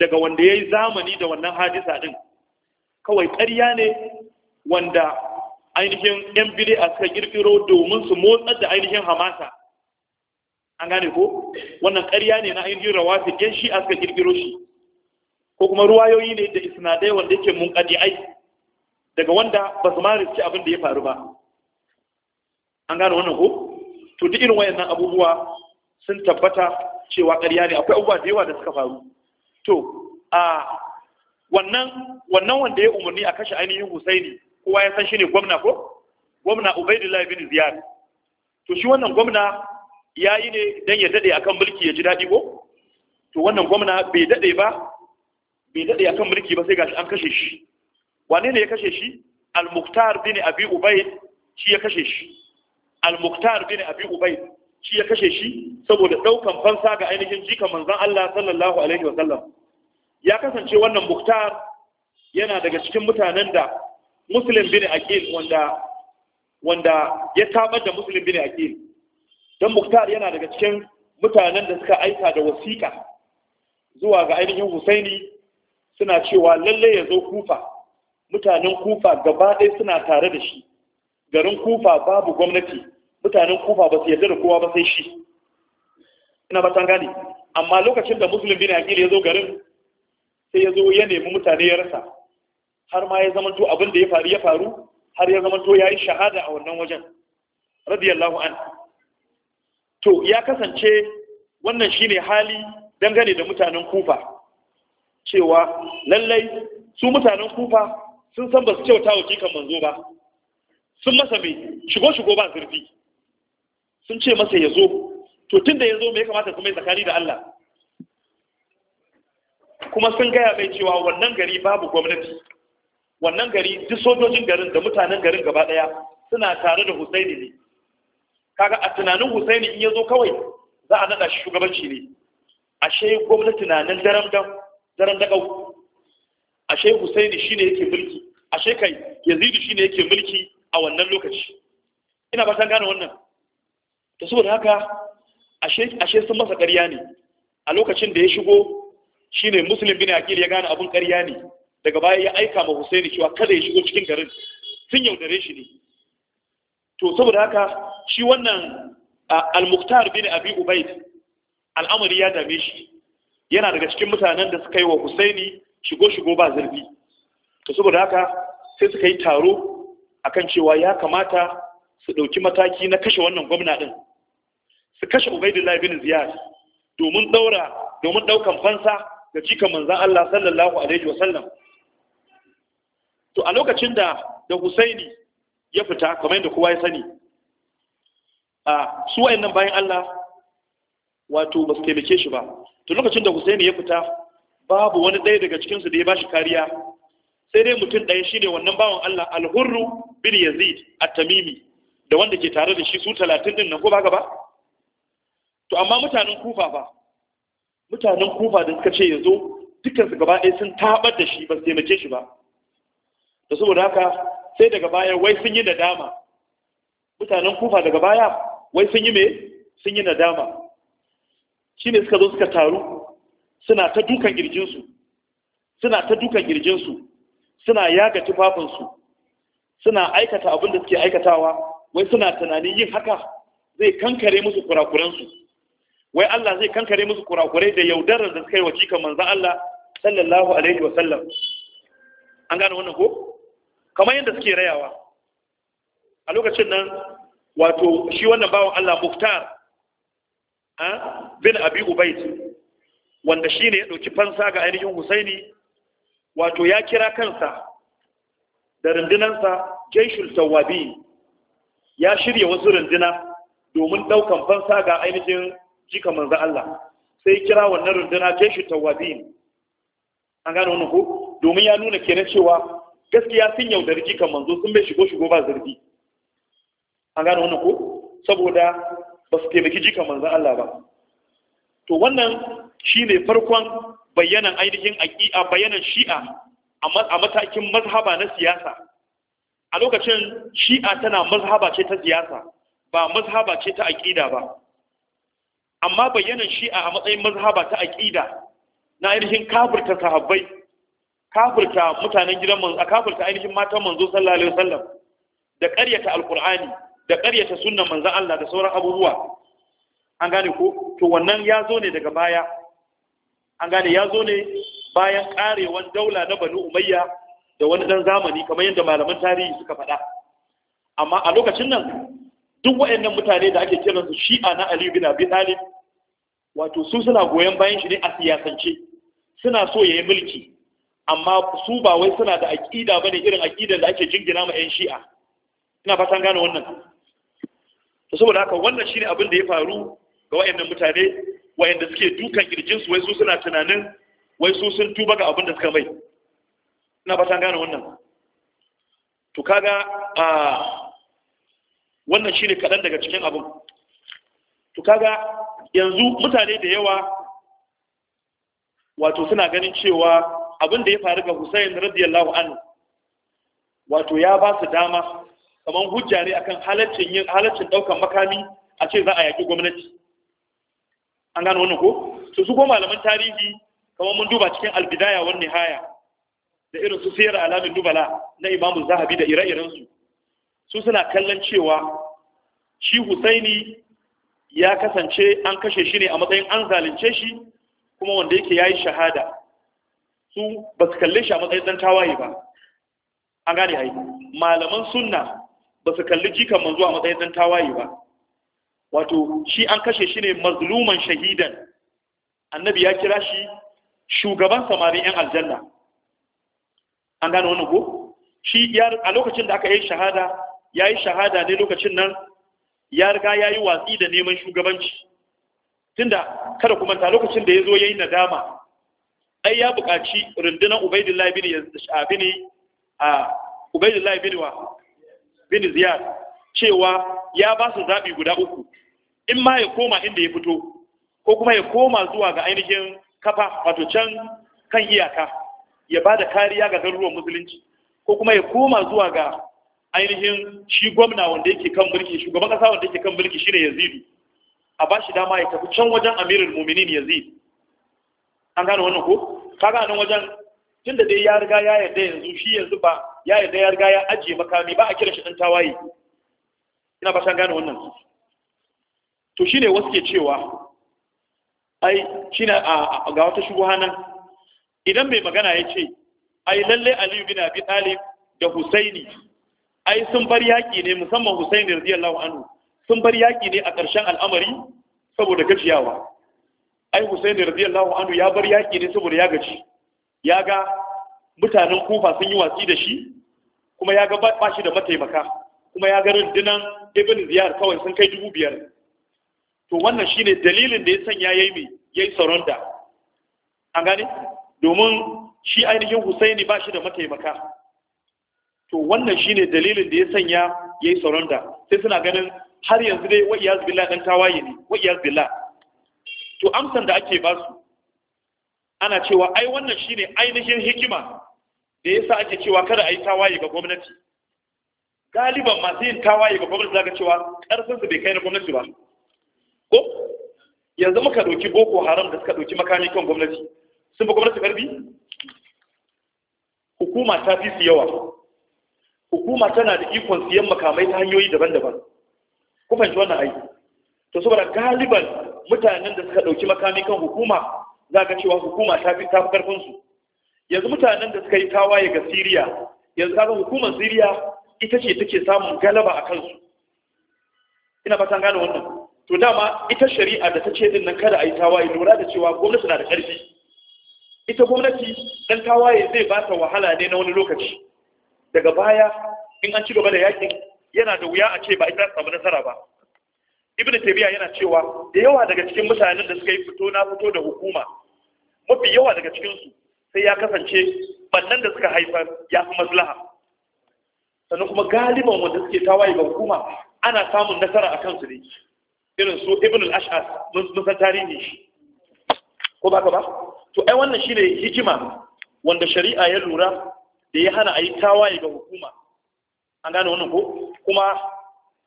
daga wanda ya yi zamani da wannan hadisa ɗin kawai ƙarya ne wanda ainihin yan bid'a suka kirkiro domin su motsar da ainihin hamasa an gane ko wannan ƙarya ne na ainihin rawafi shi a suka kirkiro shi ko kuma ruwayoyi ne da isnadai wanda yake ai daga wanda ba su mara ci abin da ya faru ba an gane wannan ko to duk irin wayannan abubuwa sun tabbata cewa ƙarya ne akwai abubuwa da yawa da suka faru to a wannan wannan wanda ya umarni a kashe ainihin Husaini kowa ya san shi ne gwamna ko gwamna UbaidulLah bin ziyad to shi wannan gwamna ya yi ne don ya daɗe akan mulki ya ji daɗi ko to wannan gwamna bai daɗe ba bai daɗe akan mulki ba sai gashi an kashe shi wane ne ya kashe shi al muqtar bin abi ubaid shi ya kashe shi al muqtar bin abi ubaid shi ya kashe shi saboda ɗaukan fansa ga ainihin jikan manzon Allah sallallahu alaihi wa sallam ya kasance wannan muqtar yana daga cikin mutanen da muslim bin akil wanda wanda ya tabar da muslim bin akil don muktar yana daga cikin mutanen da suka aika da wasiƙa zuwa ga ainihin husaini suna cewa lalle ya zo kufa mutanen kufa gaba ɗaya suna tare da shi garin kufa babu gwamnati mutanen kufa ba su yarda da kowa ba sai shi ina ba gane amma lokacin da muslim bin akil ya zo garin sai ya zo ya nemi mutane ya rasa har ma ya zamanto abin da ya faru ya faru har ya zamanto ya yi shahada a wannan wajen radiyallahu an to ya kasance wannan shine hali dangane da mutanen kufa cewa lallai su mutanen kufa sun san ba su kyauta wa kikan manzo ba sun masa mai shigo-shigo ba zurfi sun ce masa ya zo to tun da ya zo mai kamata su mai tsakani da Allah kuma sun gaya mai cewa wannan gari babu gwamnati wannan gari duk sojojin garin da mutanen garin gaba daya suna tare da Husaini ne kaga a tunanin Husaini in yazo kawai za a nada shi shugabanci ne ashe gwamnati na nan daram dam daram da kau ashe Husaini shine yake mulki ashe kai Yazid shine yake mulki a wannan lokaci ina ba san gane wannan to saboda haka ashe ashe sun masa ƙarya ne a lokacin da ya shigo shine Muslim bin Aqil ya gane abun ƙarya ne daga baya ya aika ma Husaini cewa kada ya shigo cikin garin sun yaudare shi ne to saboda haka shi wannan al-Muqtar bin Abi Ubaid al'amari ya dame shi yana daga cikin mutanen da suka yi wa Husaini shigo shigo ba zurfi to saboda haka sai suka yi taro akan cewa ya kamata su ɗauki mataki na kashe wannan gwamna ɗin su kashe Ubaidullahi bin Ziyad domin daura domin daukan fansa ga cikin manzon Allah sallallahu alaihi wasallam to a lokacin da da Husaini ya fita kamar yadda kowa ya sani a su wayannan bayan Allah wato ba su taimake shi ba to lokacin da Husaini ya fita babu wani ɗaya daga cikin su da ya bashi kariya sai dai mutum ɗaya shine wannan bawan Allah Alhurru, hurru bin Yazid At-Tamimi da wanda ke tare da shi su 30 din nan ko ba ba to amma mutanen Kufa ba mutanen Kufa da suka ce yanzu dukkan su gaba ɗaya sun tabar da shi ba su taimake shi ba da saboda haka sai daga baya wai sun yi nadama mutanen kufa daga baya wai sun yi me sun yi nadama Shi ne suka zo suka taru suna ta dukan girjinsu suna ta dukan girjinsu suna yaga tufafinsu suna aikata abin da suke aikatawa wai suna tunanin yin haka zai kankare musu kurakuransu wai Allah zai kankare musu kurakurai da yaudarar da suka yi wa cikin manzan Allah sallallahu alaihi wa sallam an gane wannan ko kamar yadda suke rayawa a lokacin nan wato shi wannan bawan Allah Muftar ah, bin Abi Ubaid wanda shine ya ɗauki fansa ga ainihin Husaini wato ya kira kansa da sa Jaishul Tawabi ya shirya wasu runduna domin ɗaukan fansa ga ainihin jika manzo Allah sai kira wannan runduna Jaishul Tawabi an gano domin ya nuna kenan cewa gaskiya sun yaudari jikan manzo sun bai shigo shigo ba zargi. an gano wannan ko saboda ba su taimaki jikan manzo Allah ba to wannan shine farkon bayanan ainihin aqiqa bayanan shi'a a matakin mazhaba na siyasa a lokacin shi'a tana mazhaba ce ta siyasa ba mazhaba ce ta aƙida ba amma bayanan shi'a a matsayin mazhaba ta aƙida na ainihin kafirta sahabbai kafirta mutanen gidan manzo a kafirta ainihin matan manzo sallallahu alaihi wasallam da ƙaryata alqur'ani da ƙaryata sunnan manzo Allah da sauran abubuwa an gane ko to wannan ya zo ne daga baya an gane ya zo ne bayan karewan daula na banu umayya da wani dan zamani kamar yadda malaman tarihi suka faɗa amma a lokacin nan duk waɗannan mutane da ake kiransu shi'a na Ali bin Abi Talib wato su suna goyon bayan shi ne a siyasance suna so ya yi mulki amma su ba wai suna da aƙida ba ne irin aƙidan da ake jingina ma 'yan shi'a ina fatan gane wannan to saboda haka wannan shine abin da ya faru ga wayannan mutane da suke dukan ƙirjinsu, wai su suna tunanin wai su sun tuba ga abin da suka mai ina fatan gane wannan to kaga a wannan shine kaɗan daga cikin abin to kaga yanzu mutane da yawa wato suna ganin cewa abin da ya faru ga Hussein radiyallahu anhu wato ya ba su dama kamar hujja ne akan halaccin yin halaccin daukan makami a ce za a yaki gwamnati an gano wannan ko su su goma malaman tarihi kamar mun duba cikin albidaya wan nihaya da irin su sayar alamin dubala na imamu zahabi da ire-iren su su suna kallon cewa shi husaini ya kasance an kashe shi ne a matsayin an zalunce shi kuma wanda yake yayi shahada su ba su kalle shi a matsayin dan tawaye ba an gane ai malaman sunna ba su kalli jikan manzo a matsayin dan tawaye ba wato shi an kashe shi ne mazluman shahidan annabi ya kira shi shugaban samari yan aljanna an gane wannan ko shi a lokacin da aka yi shahada ya yi shahada ne lokacin nan ya riga ya yi watsi da neman shugabanci tunda kada kuma ta lokacin da ya zo ya yi nadama ai ya buƙaci rundunar ubaidillahi bin shafini a bin wa bin ziyar cewa ya ba su zaɓi guda uku in ma ya koma inda ya fito ko kuma ya koma zuwa ga ainihin kafa wato can kan iyaka ya ba da kariya ga garuruwan musulunci ko kuma ya koma zuwa ga ainihin shi gwamna wanda yake kan mulki shugaban ƙasa wanda yake kan mulki shine yazidu a ba shi dama ya tafi can wajen amirul muminin yazid an gane wannan ko kaga nan wajen tunda dai ya riga ya yarda yanzu shi yanzu ba ya yarda ya riga ya ajiye makami ba a kira shi dan tawaye ina ba san gane wannan to shine wasu ke cewa ai shine a ga wata shubuha nan idan mai magana ya ce ai lalle Aliyu bin Abi Talib da Husaini ai sun bar yaki ne musamman Husaini radiyallahu anhu sun bar yaki ne a ƙarshen al'amari saboda gajiyawa ai Hussein radiyallahu anhu ya bar yaki ne saboda ya gaji ya ga mutanen Kufa sun yi watsi da shi kuma ya ga ba shi da mataimaka kuma ya ga rundunan Ibn Ziyar kawai sun kai dubu biyar to wannan shine dalilin da ya sanya yayi mai yayi saronda an gane domin shi ainihin Husaini ba shi da mataimaka to wannan shine dalilin da ya sanya yayi saronda sai suna ganin har yanzu dai wa iyaz billah dan tawaye ne wa iyaz billah to amsan da ake ba su ana cewa ai wannan shine ainihin hikima da yasa ake cewa kada a yi tawaye ga gwamnati galiban masu yin tawaye ga gwamnati zaka cewa karfin su bai kai na gwamnati ba ko yanzu muka dauki boko haram da suka dauki makami kan gwamnati sun fi gwamnati karbi hukuma ta fi su yawa hukuma tana da ikon siyan makamai ta hanyoyi daban-daban ku fahimci wannan aiki to saboda galiban mutanen da suka ɗauki makami kan hukuma za ga cewa hukuma ta fi ta karfinsu yanzu mutanen da suka yi tawaye ga siriya yanzu kaga hukumar siriya ita ce take samun galaba a kansu ina fatan gane wannan to dama ita shari'a da ta ce din nan kada a yi tawaye lura da cewa gwamnati na da ƙarfi ita gwamnati ɗan tawaye zai ba ta wahala ne na wani lokaci daga baya in an ci gaba da yakin yana da wuya a ce ba ita samu nasara ba ibn tabiya yana cewa da yawa daga cikin mutanen da suka yi fito na fito da hukuma mafi yawa daga cikin su sai ya kasance bannan da suka haifar ya fi maslaha sannan kuma galiban wanda suke tawaye ga hukuma ana samun nasara a kansu ne irin su ibn al-ash'as mun san tarihi shi ko ba ka ba to ai wannan shine hikima wanda shari'a ya lura da ya hana a tawaye ga hukuma an gane wannan ko kuma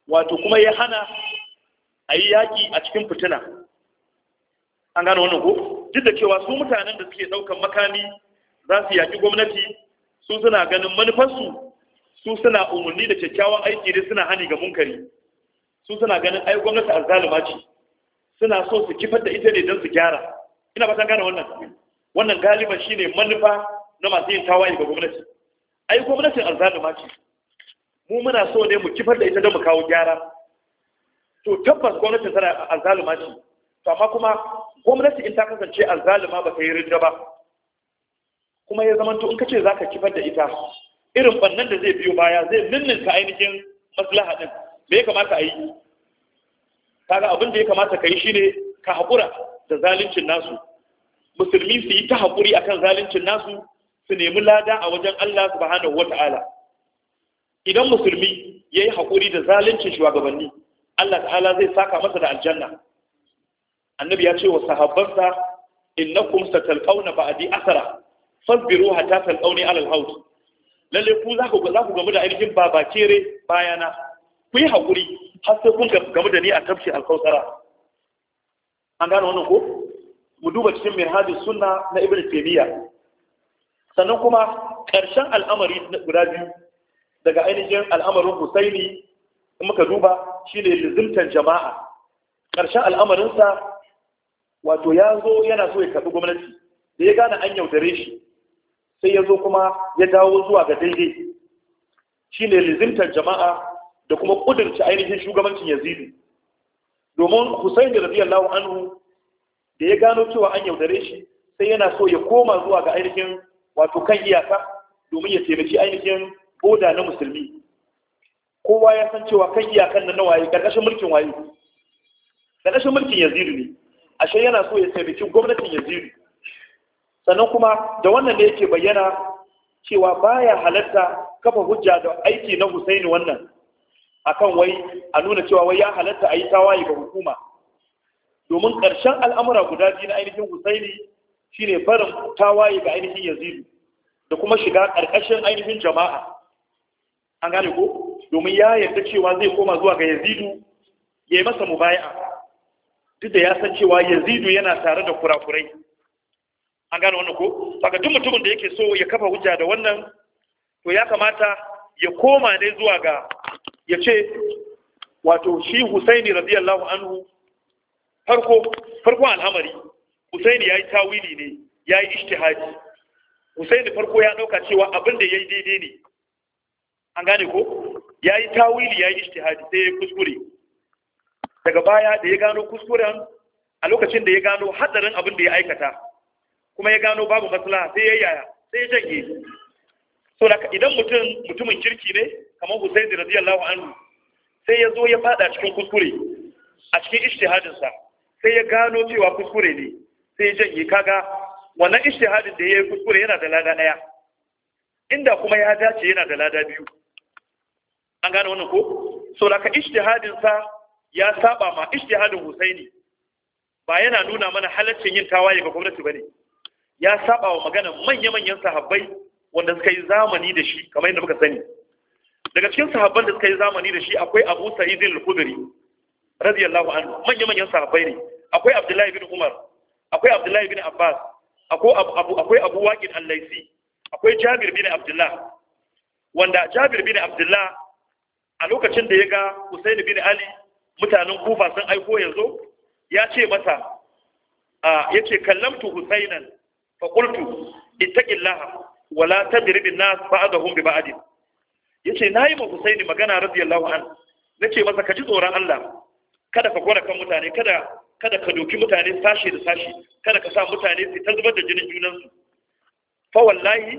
wato kuma ya hana a yi yaƙi a cikin fitina an gano wannan ko duk da cewa su mutanen da suke ɗaukar makami za su yaƙi gwamnati su suna ganin manufarsu su suna umarni da kyakkyawan aiki da suna hani ga munkari su suna ganin ai gwamnati azzalima ce suna so su kifar da ita ne don su gyara ina ba san gane wannan wannan galiban shine manufa na masu yin tawaye ga gwamnati ai gwamnatin azzalima ce mu muna so ne mu kifar da ita don mu kawo gyara to tabbas gwamnatin tana alzaluma ce to amma kuma gwamnati in ta kasance alzaluma ba ta yi rinda ba kuma ya zama in ka zaka kifar da ita irin bannan da zai biyo baya zai ninninka ainihin maslaha din me ya kamata a yi kaga abin da ya kamata ka yi shine ka haƙura da zaluncin nasu musulmi su yi ta haƙuri akan zaluncin nasu su nemi lada a wajen Allah subhanahu wata'ala idan musulmi ya yi haƙuri da zaluncin shugabanni Allah ta'ala zai saka masa da aljanna annabi ya ce wa sahabbansa innakum satalqawna ba'di asara fasbiru hatta talqawni ala al-haut lalle ku za ku za ku gamu da ainihin baba kere bayana ku yi hakuri har sai kun gamu da ni a tafshi al an gane wannan ko mu duba cikin minhajus sunna na ibnu taymiya sannan kuma ƙarshen al'amari guda biyu daga ainihin al'amarin husaini muka duba shine lizimtar jama'a ƙarshen al'amarinsa wato ya zo yana so ya karɓi gwamnati da ya gane an yaudare shi sai ya zo kuma ya dawo zuwa ga daidai shine lizimtar jama'a da kuma ƙudurci ainihin shugabancin yazidi, domin Hussein da radiyallahu anhu da ya gano cewa an yaudare shi sai yana so ya koma zuwa ga ainihin wato kan iyaka domin ya taimaki ainihin boda na musulmi kowa ya san cewa kan iyakan nan na waye karkashin mulkin waye karkashin mulkin yazidu ne ashe yana so ya taimaki gwamnatin yazidu sannan kuma da wannan da yake bayyana cewa baya halatta kafa hujja da aiki na Husaini wannan akan wai a nuna cewa wai ya halatta a yi tawaye ga hukuma domin ƙarshen al'amura guda biyu na ainihin Husaini shine barin tawaye ga ainihin Yazidu da kuma shiga ƙarƙashin ainihin jama'a an gane ko domin ya yarda cewa zai koma zuwa ga yazidu ya yi masa mubaya'a duk da ya san cewa yazidu yana tare da kurakurai an gane wannan ko saka duk mutumin da yake so ya kafa hujja da wannan to ya kamata ya koma ne zuwa ga ya ce wato shi husaini radiyallahu anhu farko farko alhamari husaini ya yi tawili ne ya yi ishtihadi husaini farko ya ɗauka cewa abin da ya yi daidai ne an gane ko ya yi tawili ya yi ishtihadi sai ya kuskure daga baya da ya gano kuskuren a lokacin da ya gano hadarin abin da ya aikata kuma ya gano babu maslaha sai ya yaya sai ya janye so da idan mutum mutumin kirki ne kamar Hussein radiyallahu anhu sai ya zo ya fada cikin kuskure a cikin ishtihadin sa sai ya gano cewa kuskure ne sai ya janye kaga wannan ishtihadin da ya yi kuskure yana da lada daya inda kuma ya dace yana da lada biyu an gane wannan ko so da ka ijtihadin sa ya saba ma ijtihadin Husaini ba yana nuna mana halaccin yin tawaye ga gwamnati bane ya saba wa magana manya-manyan sahabbai wanda suka yi zamani da shi kamar yadda muka sani daga cikin sahabban da suka yi zamani da shi akwai Abu Sa'id al-Khudri radiyallahu anhu manya-manyan sahabbai ne akwai Abdullahi bin Umar akwai Abdullahi bin Abbas akwai Abu akwai Abu Waqid al-Laisi akwai Jabir bin Abdullah wanda Jabir bin Abdullah a lokacin da ya ga Hussein bin Ali mutanen Kufa sun aiko yanzu ya ce masa a yace kallamtu Husainan fa qultu ittaqillaha wala tadribin nas ba'dahum bi ba'd yace nayi ma Husaini magana radiyallahu an nace masa ka ji tsoron Allah kada ka gwada kan mutane kada kada ka doki mutane sashi da sashi kada ka sa mutane su ta zubar da jinin junansu fa wallahi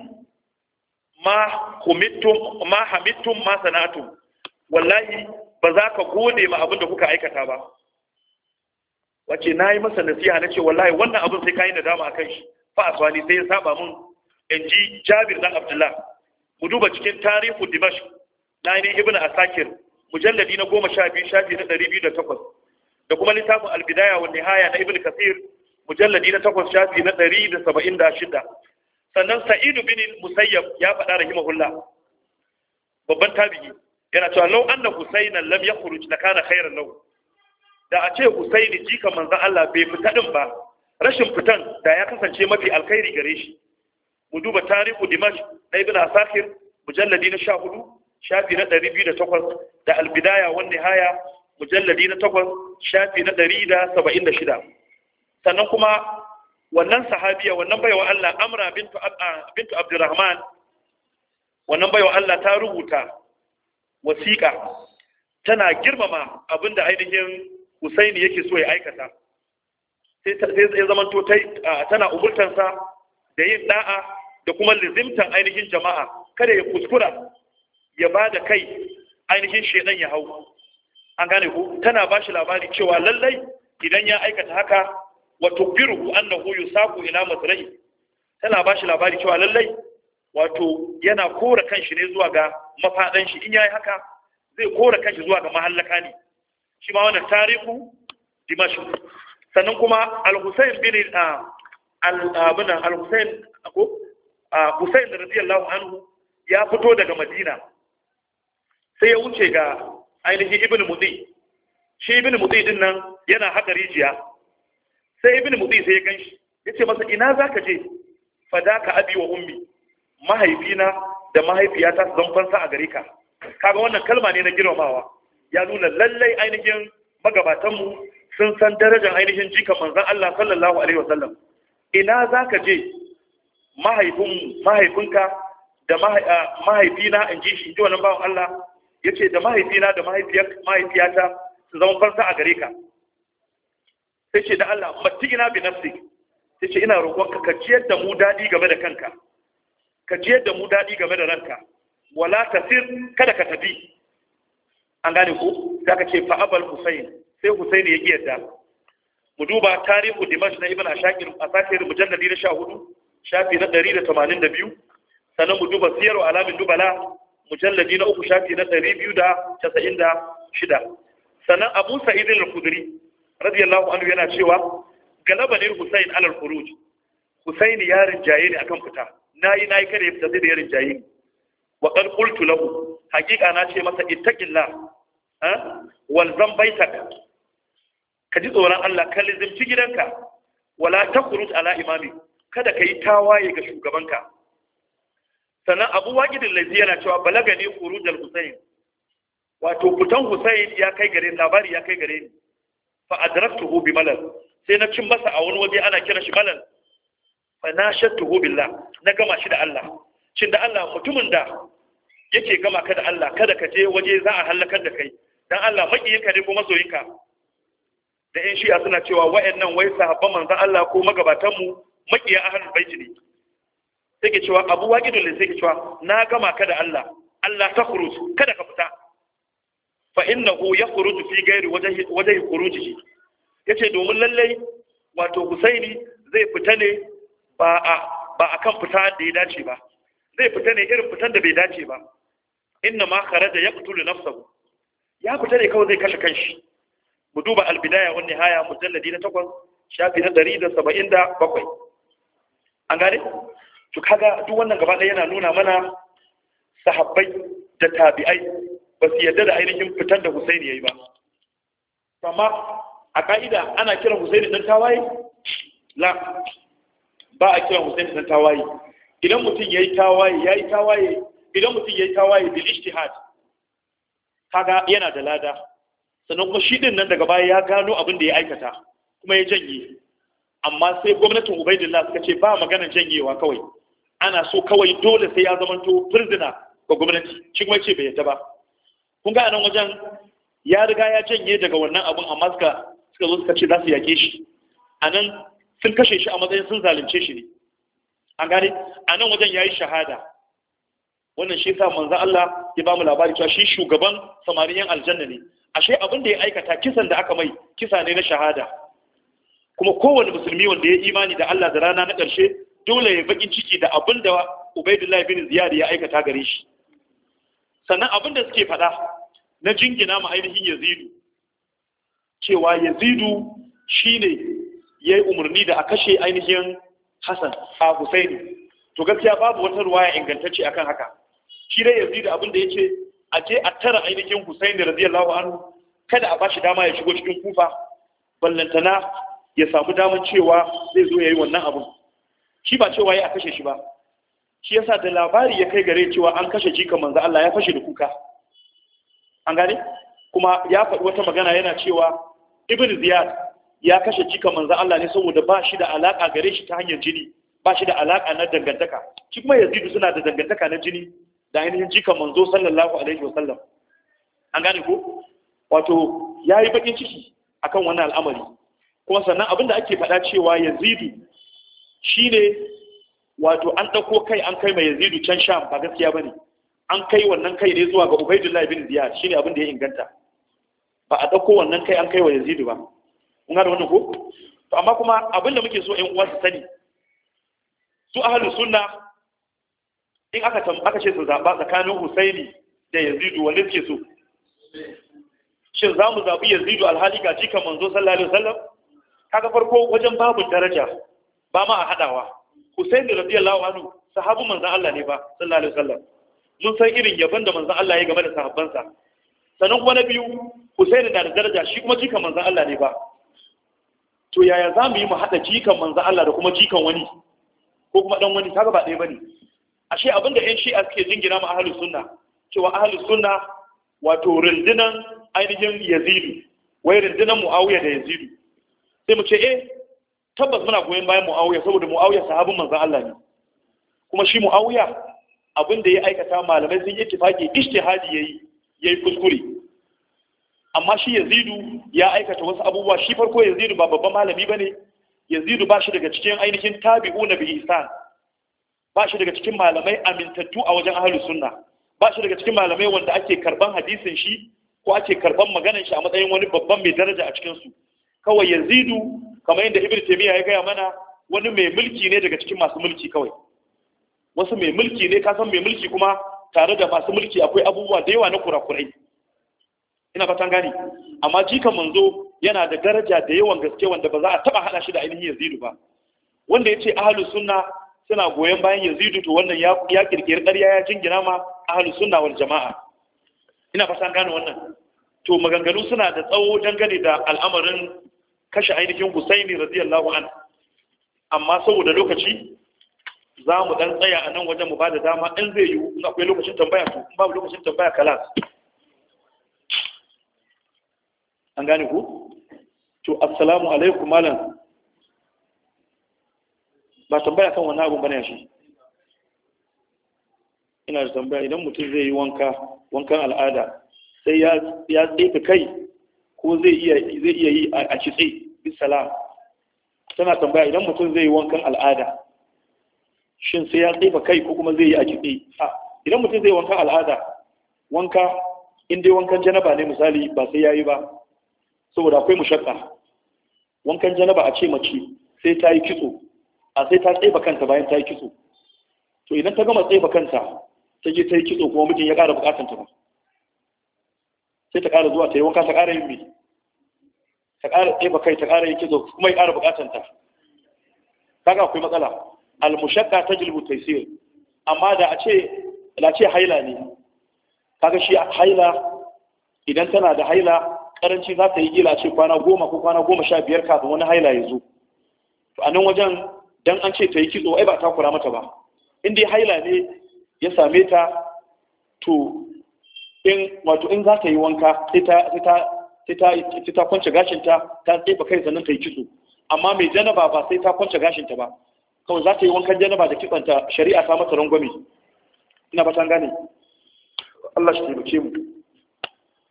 ma humittum ma hamittum ma sana'tum wallahi ba za ka gode ma abin da kuka aikata ba wace na yi masa nasiha na ce wallahi wannan abin sai ka yi nadama a kan shi fa a sai ya saba mun in ji jabir dan abdullah mu duba cikin tarihu dimash na ainihin ibn asakir mujalladi na goma sha biyu shafi na ɗari biyu da takwas da kuma littafin albidaya wa nihaya na ibn kasir mujalladi na takwas shafi na ɗari da saba'in da shida sannan sa'idu bin musayyab ya faɗa rahimahullah babban tabi'i yana cewa lau anna husainan lam yakhruj la kana khairan lahu da a ce husaini jika manzan Allah bai fita din ba rashin fitan da ya kasance mafi alkhairi gare shi mu duba tarihu dimash na ibn asakir mujalladi na sha hudu, shafi na ɗari biyu da takwas, da albidaya wan haya, mujalladi na takwas, shafi na ɗari da da saba'in shida. sannan kuma wannan sahabiya wannan baiwa Allah amra bintu bintu abdurrahman wannan baiwa Allah ta rubuta wasiƙa tana girmama abin da ainihin Husaini yake so ya aikata sai ya zama to tana umurtansa da yin ɗa'a da kuma lizimtan ainihin jama'a kada ya kuskura ya ba da kai ainihin shedan ya hau an gane ku tana ba shi labari cewa lallai idan ya aikata haka wato biru annahu yusaku ila masrai tana ba shi labari cewa lallai wato yana kora kanshi ne zuwa ga mafadan shi in yayi haka zai kora kanshi zuwa ga mahallaka ne shi ma wannan tarihu dimashq sannan kuma al-Husayn bin al-Abuna al-Husayn ko Husayn radiyallahu anhu ya fito daga Madina sai ya wuce ga ainihin Ibn Mudi shi Ibn Mudi din nan yana haka rijiya sai Ibn Mudi sai ya ganshi yace masa ina zaka je fadaka abi wa ummi mahaifina da mahaifiyata su zama fansa a gare ka kaga wannan kalma ne na girmamawa ya nuna lallai ainihin magabatanmu sun san darajar ainihin jikan manzon Allah sallallahu alaihi wasallam ina zaka je mahaifinka da mahaifina in ji shi ji wannan bawan Allah yace da mahaifina da mahaifiyata su zama fansa a gare ka sai ce da Allah matigina bi nafsi sai ce ina roƙonka ka ciyar da mu daɗi game da kanka ka je da mu daɗi game da ranka wala tasir kada ka tafi an gane ku? da ka ce fa'abal husain sai husain ya ƙi yadda mu duba tarihu dimash na ibn ashakir asakir mujalladi na 14 shafi na 182 sannan mu duba siyaru alamin dubala mujalladi na uku shafi na 296 sannan abu sa'id al-khudri radiyallahu anhu yana cewa galaba ne husain alal khuruj husayn ya rinjaye ne akan fita Na nayi na kada ya da zai da yarin jayi wa ɗan ƙultu lahu hakika na ce masa ittaqillah ha wal ta." ka ji tsoron Allah ka lizimci gidanka wala ta takhruj ala imami kada ka yi tawaye ga shugabanka sannan abu waqidin lazi yana cewa balagani khurujal husayn wato fitan husayn ya kai gare labari ya kai gare ni fa adraktuhu bi malal sai na cin masa a wani waje ana kira shi malal fa na shattuhu billah na gama shi da Allah shin da Allah mutumin da yake gama ka da Allah kada ka je waje za a halakar da kai dan Allah makiyinka ne ko masoyinka da yan shi'a suna cewa wa'annan wai sahabban manzon Allah ko magabatan mu makiya ahlul bait ne sai ke cewa Abu Waqid ne sai ke cewa na gama ka da Allah Allah ta khuruj kada ka fita fa innahu yakhruj fi ghairi wajhi wajhi khurujihi yace domin lalle wato Husaini zai fita ne ba a ba fita da ya dace ba zai fita ne irin fitan da bai dace ba inna ma kharaja yaqtulu nafsahu ya fita ne kawai zai kashe kanshi mu duba albidaya wa nihaya mujalladi na 8 shafi na 177 an gane to kaga duk wannan gaba ɗaya yana nuna mana sahabbai da tabi'ai ba su yadda da ainihin fitan da Husaini yayi ba amma a ka'ida ana kiran Husaini dan tawaye la ba a kira Hussein da tawaye idan mutum yayi tawaye yayi tawaye idan mutum yayi tawaye bil ijtihad kaga yana da lada sannan kuma shi din nan daga baya ya gano abin da ya aikata kuma ya janye amma sai gwamnatin Ubaidillah suka ce ba magana janyewa kawai ana so kawai dole sai ya zamanto prisoner ga gwamnati shi kuma ce bai yadda ba kun ga nan wajen ya riga ya janye daga wannan abin amma suka suka zo suka ce za su yake shi a nan sun kashe shi a matsayin sun zalunce shi ne an gane a nan wajen ya yi shahada wannan shi sa manzan Allah ya ba mu labari cewa shi shugaban samariyan aljanna ne ashe abin da ya aikata kisan da aka mai kisa ne na shahada kuma kowane musulmi wanda ya imani da Allah da rana na ƙarshe dole ya bakin ciki da abin da Ubaidullah bin Ziyad ya aikata gare shi sannan abin da suke faɗa na jingina mu ainihin Yazidu cewa Yazidu shine ya yi umarni da a kashe ainihin hassan a husaini to gaskiya babu wata ruwaya ingantacce akan haka shi dai yanzu da abin da ya ce a je a tara ainihin husaini radiyallahu anhu kada a bashi dama ya shigo cikin kufa ballantana ya samu damar cewa zai zo ya yi wannan abin shi ba cewa ya kashe shi ba shi yasa da labari ya kai gare cewa an kashe jika manzo Allah ya fashe da kuka an gane kuma ya faɗi wata magana yana cewa ibn ziyad ya kashe jika manzan Allah ne saboda ba shi da alaƙa gare shi ta hanyar jini ba shi da alaƙa na dangantaka shi kuma yazidu suna da dangantaka na jini da ainihin jika manzo sallallahu alaihi wasallam an gane ko wato ya yi bakin ciki akan wannan al'amari kuma sannan abin da ake faɗa cewa yazidu ne wato an ɗauko kai an kai mai yazidu can sha ba gaskiya ba ne an kai wannan kai ne zuwa ga ubaidullahi bin shi ne abin da ya inganta ba a ɗauko wannan kai an kai wa yazidu ba kun da wannan ko to amma kuma abinda muke so ƴan uwa su sani su ahlu sunna in aka tam aka ce su zaba tsakanin Husaini da Yazidu wanda suke so shin za mu zabi Yazidu alhali ga jikan manzo sallallahu alaihi wasallam kaga farko wajen babu daraja ba ma a hadawa Husaini radiyallahu anhu sahabu manzan Allah ne ba sallallahu alaihi wasallam mun san irin yabon da manzan Allah ya game da sahabbansa sannan kuma na biyu Husaini na da daraja shi kuma jikan manzan Allah ne ba to yaya za mu yi mu haɗa jikan manzan Allah da kuma jikan wani ko kuma ɗan wani kaga ba ɗaya ba ne ashe abin da 'yan shi'a suke jingina ma ahalus sunna cewa ahalus sunna wato rundunan ainihin yazidu wai rundunan mu'awiya da yazidu sai mu ce eh tabbas muna goyon bayan mu'awiya saboda mu'awiya sahabin manzan Allah ne kuma shi mu'awiya abin da ya aikata malamai sun yi tifaki ishtihadi yayi yayi kuskure amma shi yazidu ya aikata wasu abubuwa shi farko yazidu ba babban malami ba bane yazidu ba shi daga cikin ainihin tabi'u na ihsan ba shi daga cikin malamai amintattu a wajen ahalu sunna ba shi daga cikin malamai wanda ake karban hadisin shi ko ake karban maganar shi a matsayin wani babban mai daraja a cikinsu. su kawai yazidu kamar yadda ibnu taymiya ya gaya mana wani mai mulki ne daga cikin masu mulki kawai wasu mai mulki ne kasan mai mulki kuma tare da masu mulki akwai abubuwa da yawa na kurakurai ina fatan gani amma jikan manzo yana da daraja da yawan gaske wanda ba za a taba hada shi da ainihin yazidu ba wanda yace ahlus sunna suna goyon bayan yazidu to wannan ya ya kirkiri ƙarya ya jingina ma ahlus sunna wal jama'a ina fatan gane wannan to maganganu suna da tsawo dangane da al'amarin kashe ainihin Husaini radiyallahu an amma saboda lokaci za mu dan tsaya a nan wajen mu ba da dama in zai yiwu in akwai lokacin tambaya to in babu lokacin tambaya kalas an gane ku to assalamu alaikum malam ba tambaya kan wani abun bane shi ina da tambaya idan mutum zai yi wanka wankan al'ada sai ya ya tsefe kai ko zai iya zai iya yi a kitse bisalam tana tambaya idan mutum zai yi wankan al'ada shin sai ya tsefe kai ko kuma zai yi a kitse a idan mutum zai wankan al'ada wanka in wankan janaba ne misali ba sai yayi ba saboda akwai mushakka wankan janaba a ce mace sai ta yi kitso a sai ta tsaye kanta bayan ta yi kitso to idan ta gama tsaye kanta ta je ta yi kitso kuma mijin ya ƙara buƙatar ta ba sai ta ƙara zuwa ta yi wanka ta ƙara yin mi. ta ƙara tsaye kai ta ƙara yin kitso kuma ya ƙara buƙatar ta kaga akwai matsala al ta tajlibu taysir amma da a ce la ce haila ne kaga shi haila idan tana da haila karanci za ta yi gila ce kwana goma ko kwana goma sha biyar kafin wani haila ya zo to a nan wajen dan an ce ta yi kitso ai ba takura mata ba in dai haila ne ya same ta to in wato in za ta yi wanka sai ta sai kwance gashinta ta tsefa kai sannan ta yi kitso amma mai janaba ba sai ta kwance gashinta ba kawai za ta yi wankan janaba da kitsanta shari'a ta mata rangwame ina ba ta gane Allah shi taimake mu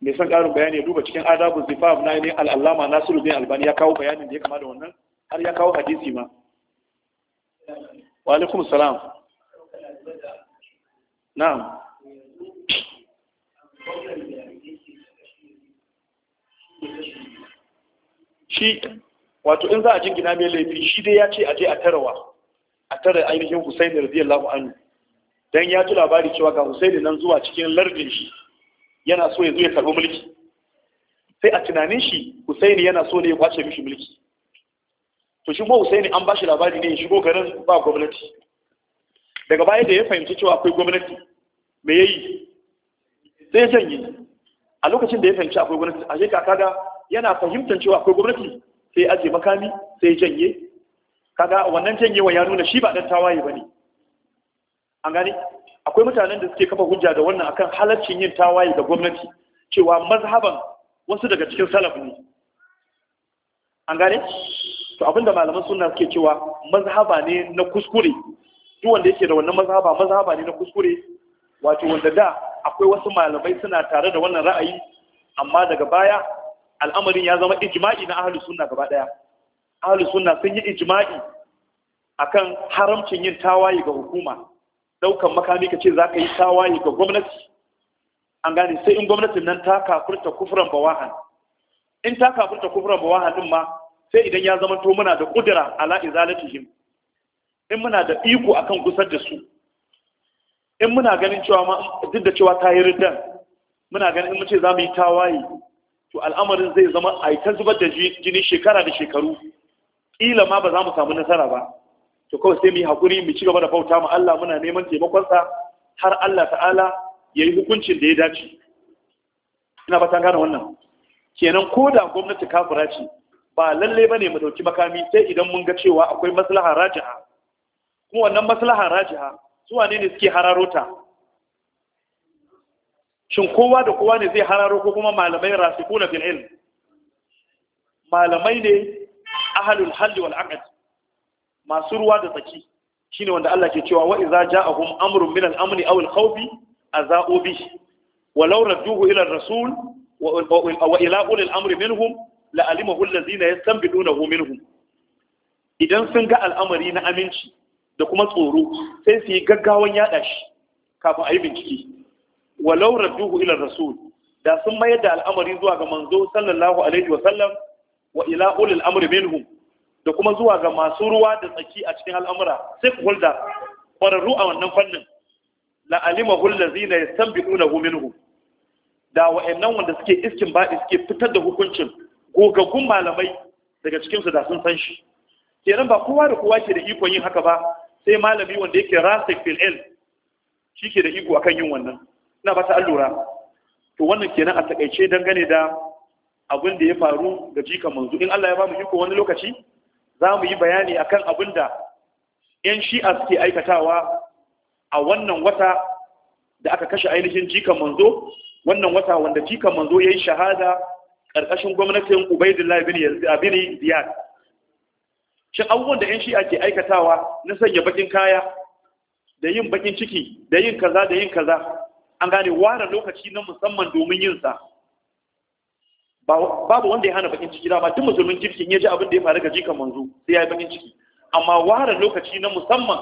mai son ƙarin bayani ya duba cikin adabun zifaf na yanayin al'allama nasiru bin albani ya kawo bayanin da ya kama da wannan har ya kawo hadisi ma wa alaikum salam na'am shi wato in za a jingina mai laifi shi dai ya ce a je a tarawa a tara ainihin husaini radiyallahu anhu dan ya ji labari cewa ga husaini nan zuwa cikin lardin shi yana so ya zo ya karɓi mulki sai a tunanin shi Husaini yana so ne ya kwace mishi mulki to shi kuma Husaini an ba shi labari ne ya shigo garin ba gwamnati daga baya da ya fahimci cewa akwai gwamnati me yayi sai ya janye a lokacin da ya fahimci akwai gwamnati a shekara kaga yana fahimtar cewa akwai gwamnati sai ya aje makami sai ya janye kaga wannan janyewa ya nuna shi ba dan tawaye bane an gane akwai mutanen da suke kafa hujja da wannan akan halaccin yin tawaye ga gwamnati cewa mazhaban wasu daga cikin salaf ne an gane to abinda malaman sunna suke cewa mazhaba ne na kuskure duk wanda yake da wannan mazhaba mazhaba ne na kuskure wato wanda da akwai wasu malamai suna tare da wannan ra'ayi amma daga baya al'amarin ya zama ijma'i na ahlus sunna gaba daya ahlus sunna sun yi ijma'i akan haramcin yin tawaye ga hukuma daukan makami ka ce za ka yi tawaye ga gwamnati an gane sai in gwamnatin nan ta kafurta kufuran bawahan in ta kafurta kufuran bawahan din ma sai idan ya zama to muna da kudura ala izalatihim in muna da iko akan gusar da su in muna ganin cewa ma duk da cewa ta yi riddan muna ganin in mu ce za mu yi tawaye to al'amarin zai zama a ta zubar da jini shekara da shekaru ƙila ma ba za mu samu nasara ba to kawai sai mu yi hakuri mu ci gaba da bauta ma Allah muna neman taimakon sa har Allah ta'ala yayi hukuncin da ya dace ina ba gane wannan kenan ko da gwamnati kafira ce ba lalle bane mu dauki makami sai idan mun ga cewa akwai maslaha rajiha kuma wannan maslaha rajiha su wane ne suke hararota shin kowa da kowa ne zai hararo ko kuma malamai rasikuna fil ilm malamai ne ahlul hal wal aqd masu ruwa da tsaki shine wanda Allah ke cewa wa idza ja'ahum amrun min al-amni aw al-khawfi aza'u bi walau radduhu ila ar-rasul wa ila ulil amri minhum la'alimahu allazina yastanbidunahu minhum idan sun ga al'amari na aminci da kuma tsoro sai su yi gaggawan yada shi kafin a yi bincike walau radduhu ila rasul da sun mayar da al'amari zuwa ga manzo sallallahu alaihi wa sallam wa ila ulil amri minhum da kuma zuwa ga masu ruwa da tsaki a cikin al'amura sai ku hulda ƙwararru a wannan fannin la'alima hullazi zina ya san bi na minhu da wa'annan wanda suke iskin ba suke fitar da hukuncin gogaggun malamai daga cikinsu da sun san shi kenan ba kowa da kowa ke da iko yin haka ba sai malami wanda yake rasa fil shi ke da iko akan yin wannan ina ba ta allura to wannan kenan a takaice dangane da abin da ya faru ga jikan manzo in Allah ya ba mu iko wani lokaci za mu yi bayani a kan abin da 'yan shi'a suke aikatawa a wannan wata da aka kashe ainihin jikan manzo wannan wata wanda jikan manzo ya yi shahada ƙarƙashin gwamnatin ubaidullah bin ah, ziyad shin abubuwan da 'yan shi'a ke aikatawa na sanya bakin kaya da yin bakin ciki da yin kaza da yin kaza an gane ware lokaci na musamman domin yinsa babu wanda ya hana bakin ciki dama duk musulmin kirkin ya ji abin da ya faru ga jikan manzo sai ya yi bakin ciki amma ware lokaci na musamman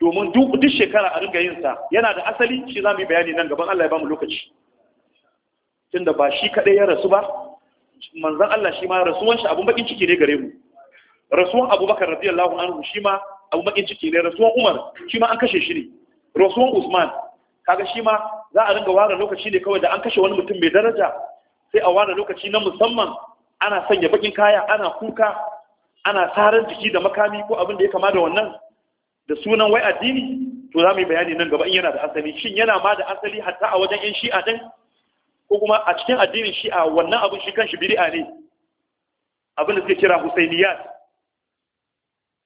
domin duk shekara a ringa yin sa yana da asali shi za mu yi bayani nan gaban Allah ya bamu lokaci tunda ba shi kadai ya rasu ba manzon Allah shi ma rasuwan shi abun bakin ciki ne gare mu rasuwan Abubakar radiyallahu anhu shi ma abun bakin ciki ne rasuwan Umar shi ma an kashe shi ne rasuwan Usman kaga shi ma za a ringa ware lokaci ne kawai da an kashe wani mutum mai daraja sai a ware lokaci na musamman ana sanya bakin kaya ana kuka ana sarar jiki da makami ko abin da ya kama da wannan da sunan wai addini to za mu yi bayani nan gaba in yana da asali shin yana ma da asali hatta a wajen yan shi'a din ko kuma a cikin addinin shi'a wannan abin shi kanshi bid'a ne abin da suke kira husainiyat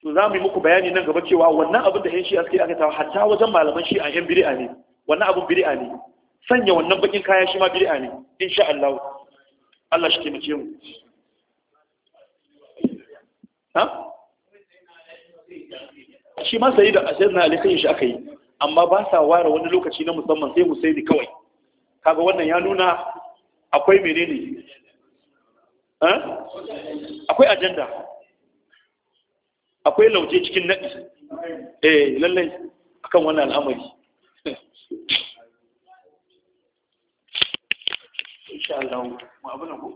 to za mu yi muku bayani nan gaba cewa wannan abin da yan shi'a suke aka ta hatta wajen malaman shi'a yan bid'a ne wannan abin bid'a ne sanya wannan bakin kaya shi ma bid'a ne insha Allah Allah shi taimake mu ha shi ma sai da asirna alikai shi aka yi amma ba sa ware wani lokaci na musamman sai mu sai kawai kaga wannan ya nuna akwai menene akwai ajanda akwai lauje cikin naɗi eh lallai akan wannan al'amari insha Allah mu abu abuna ko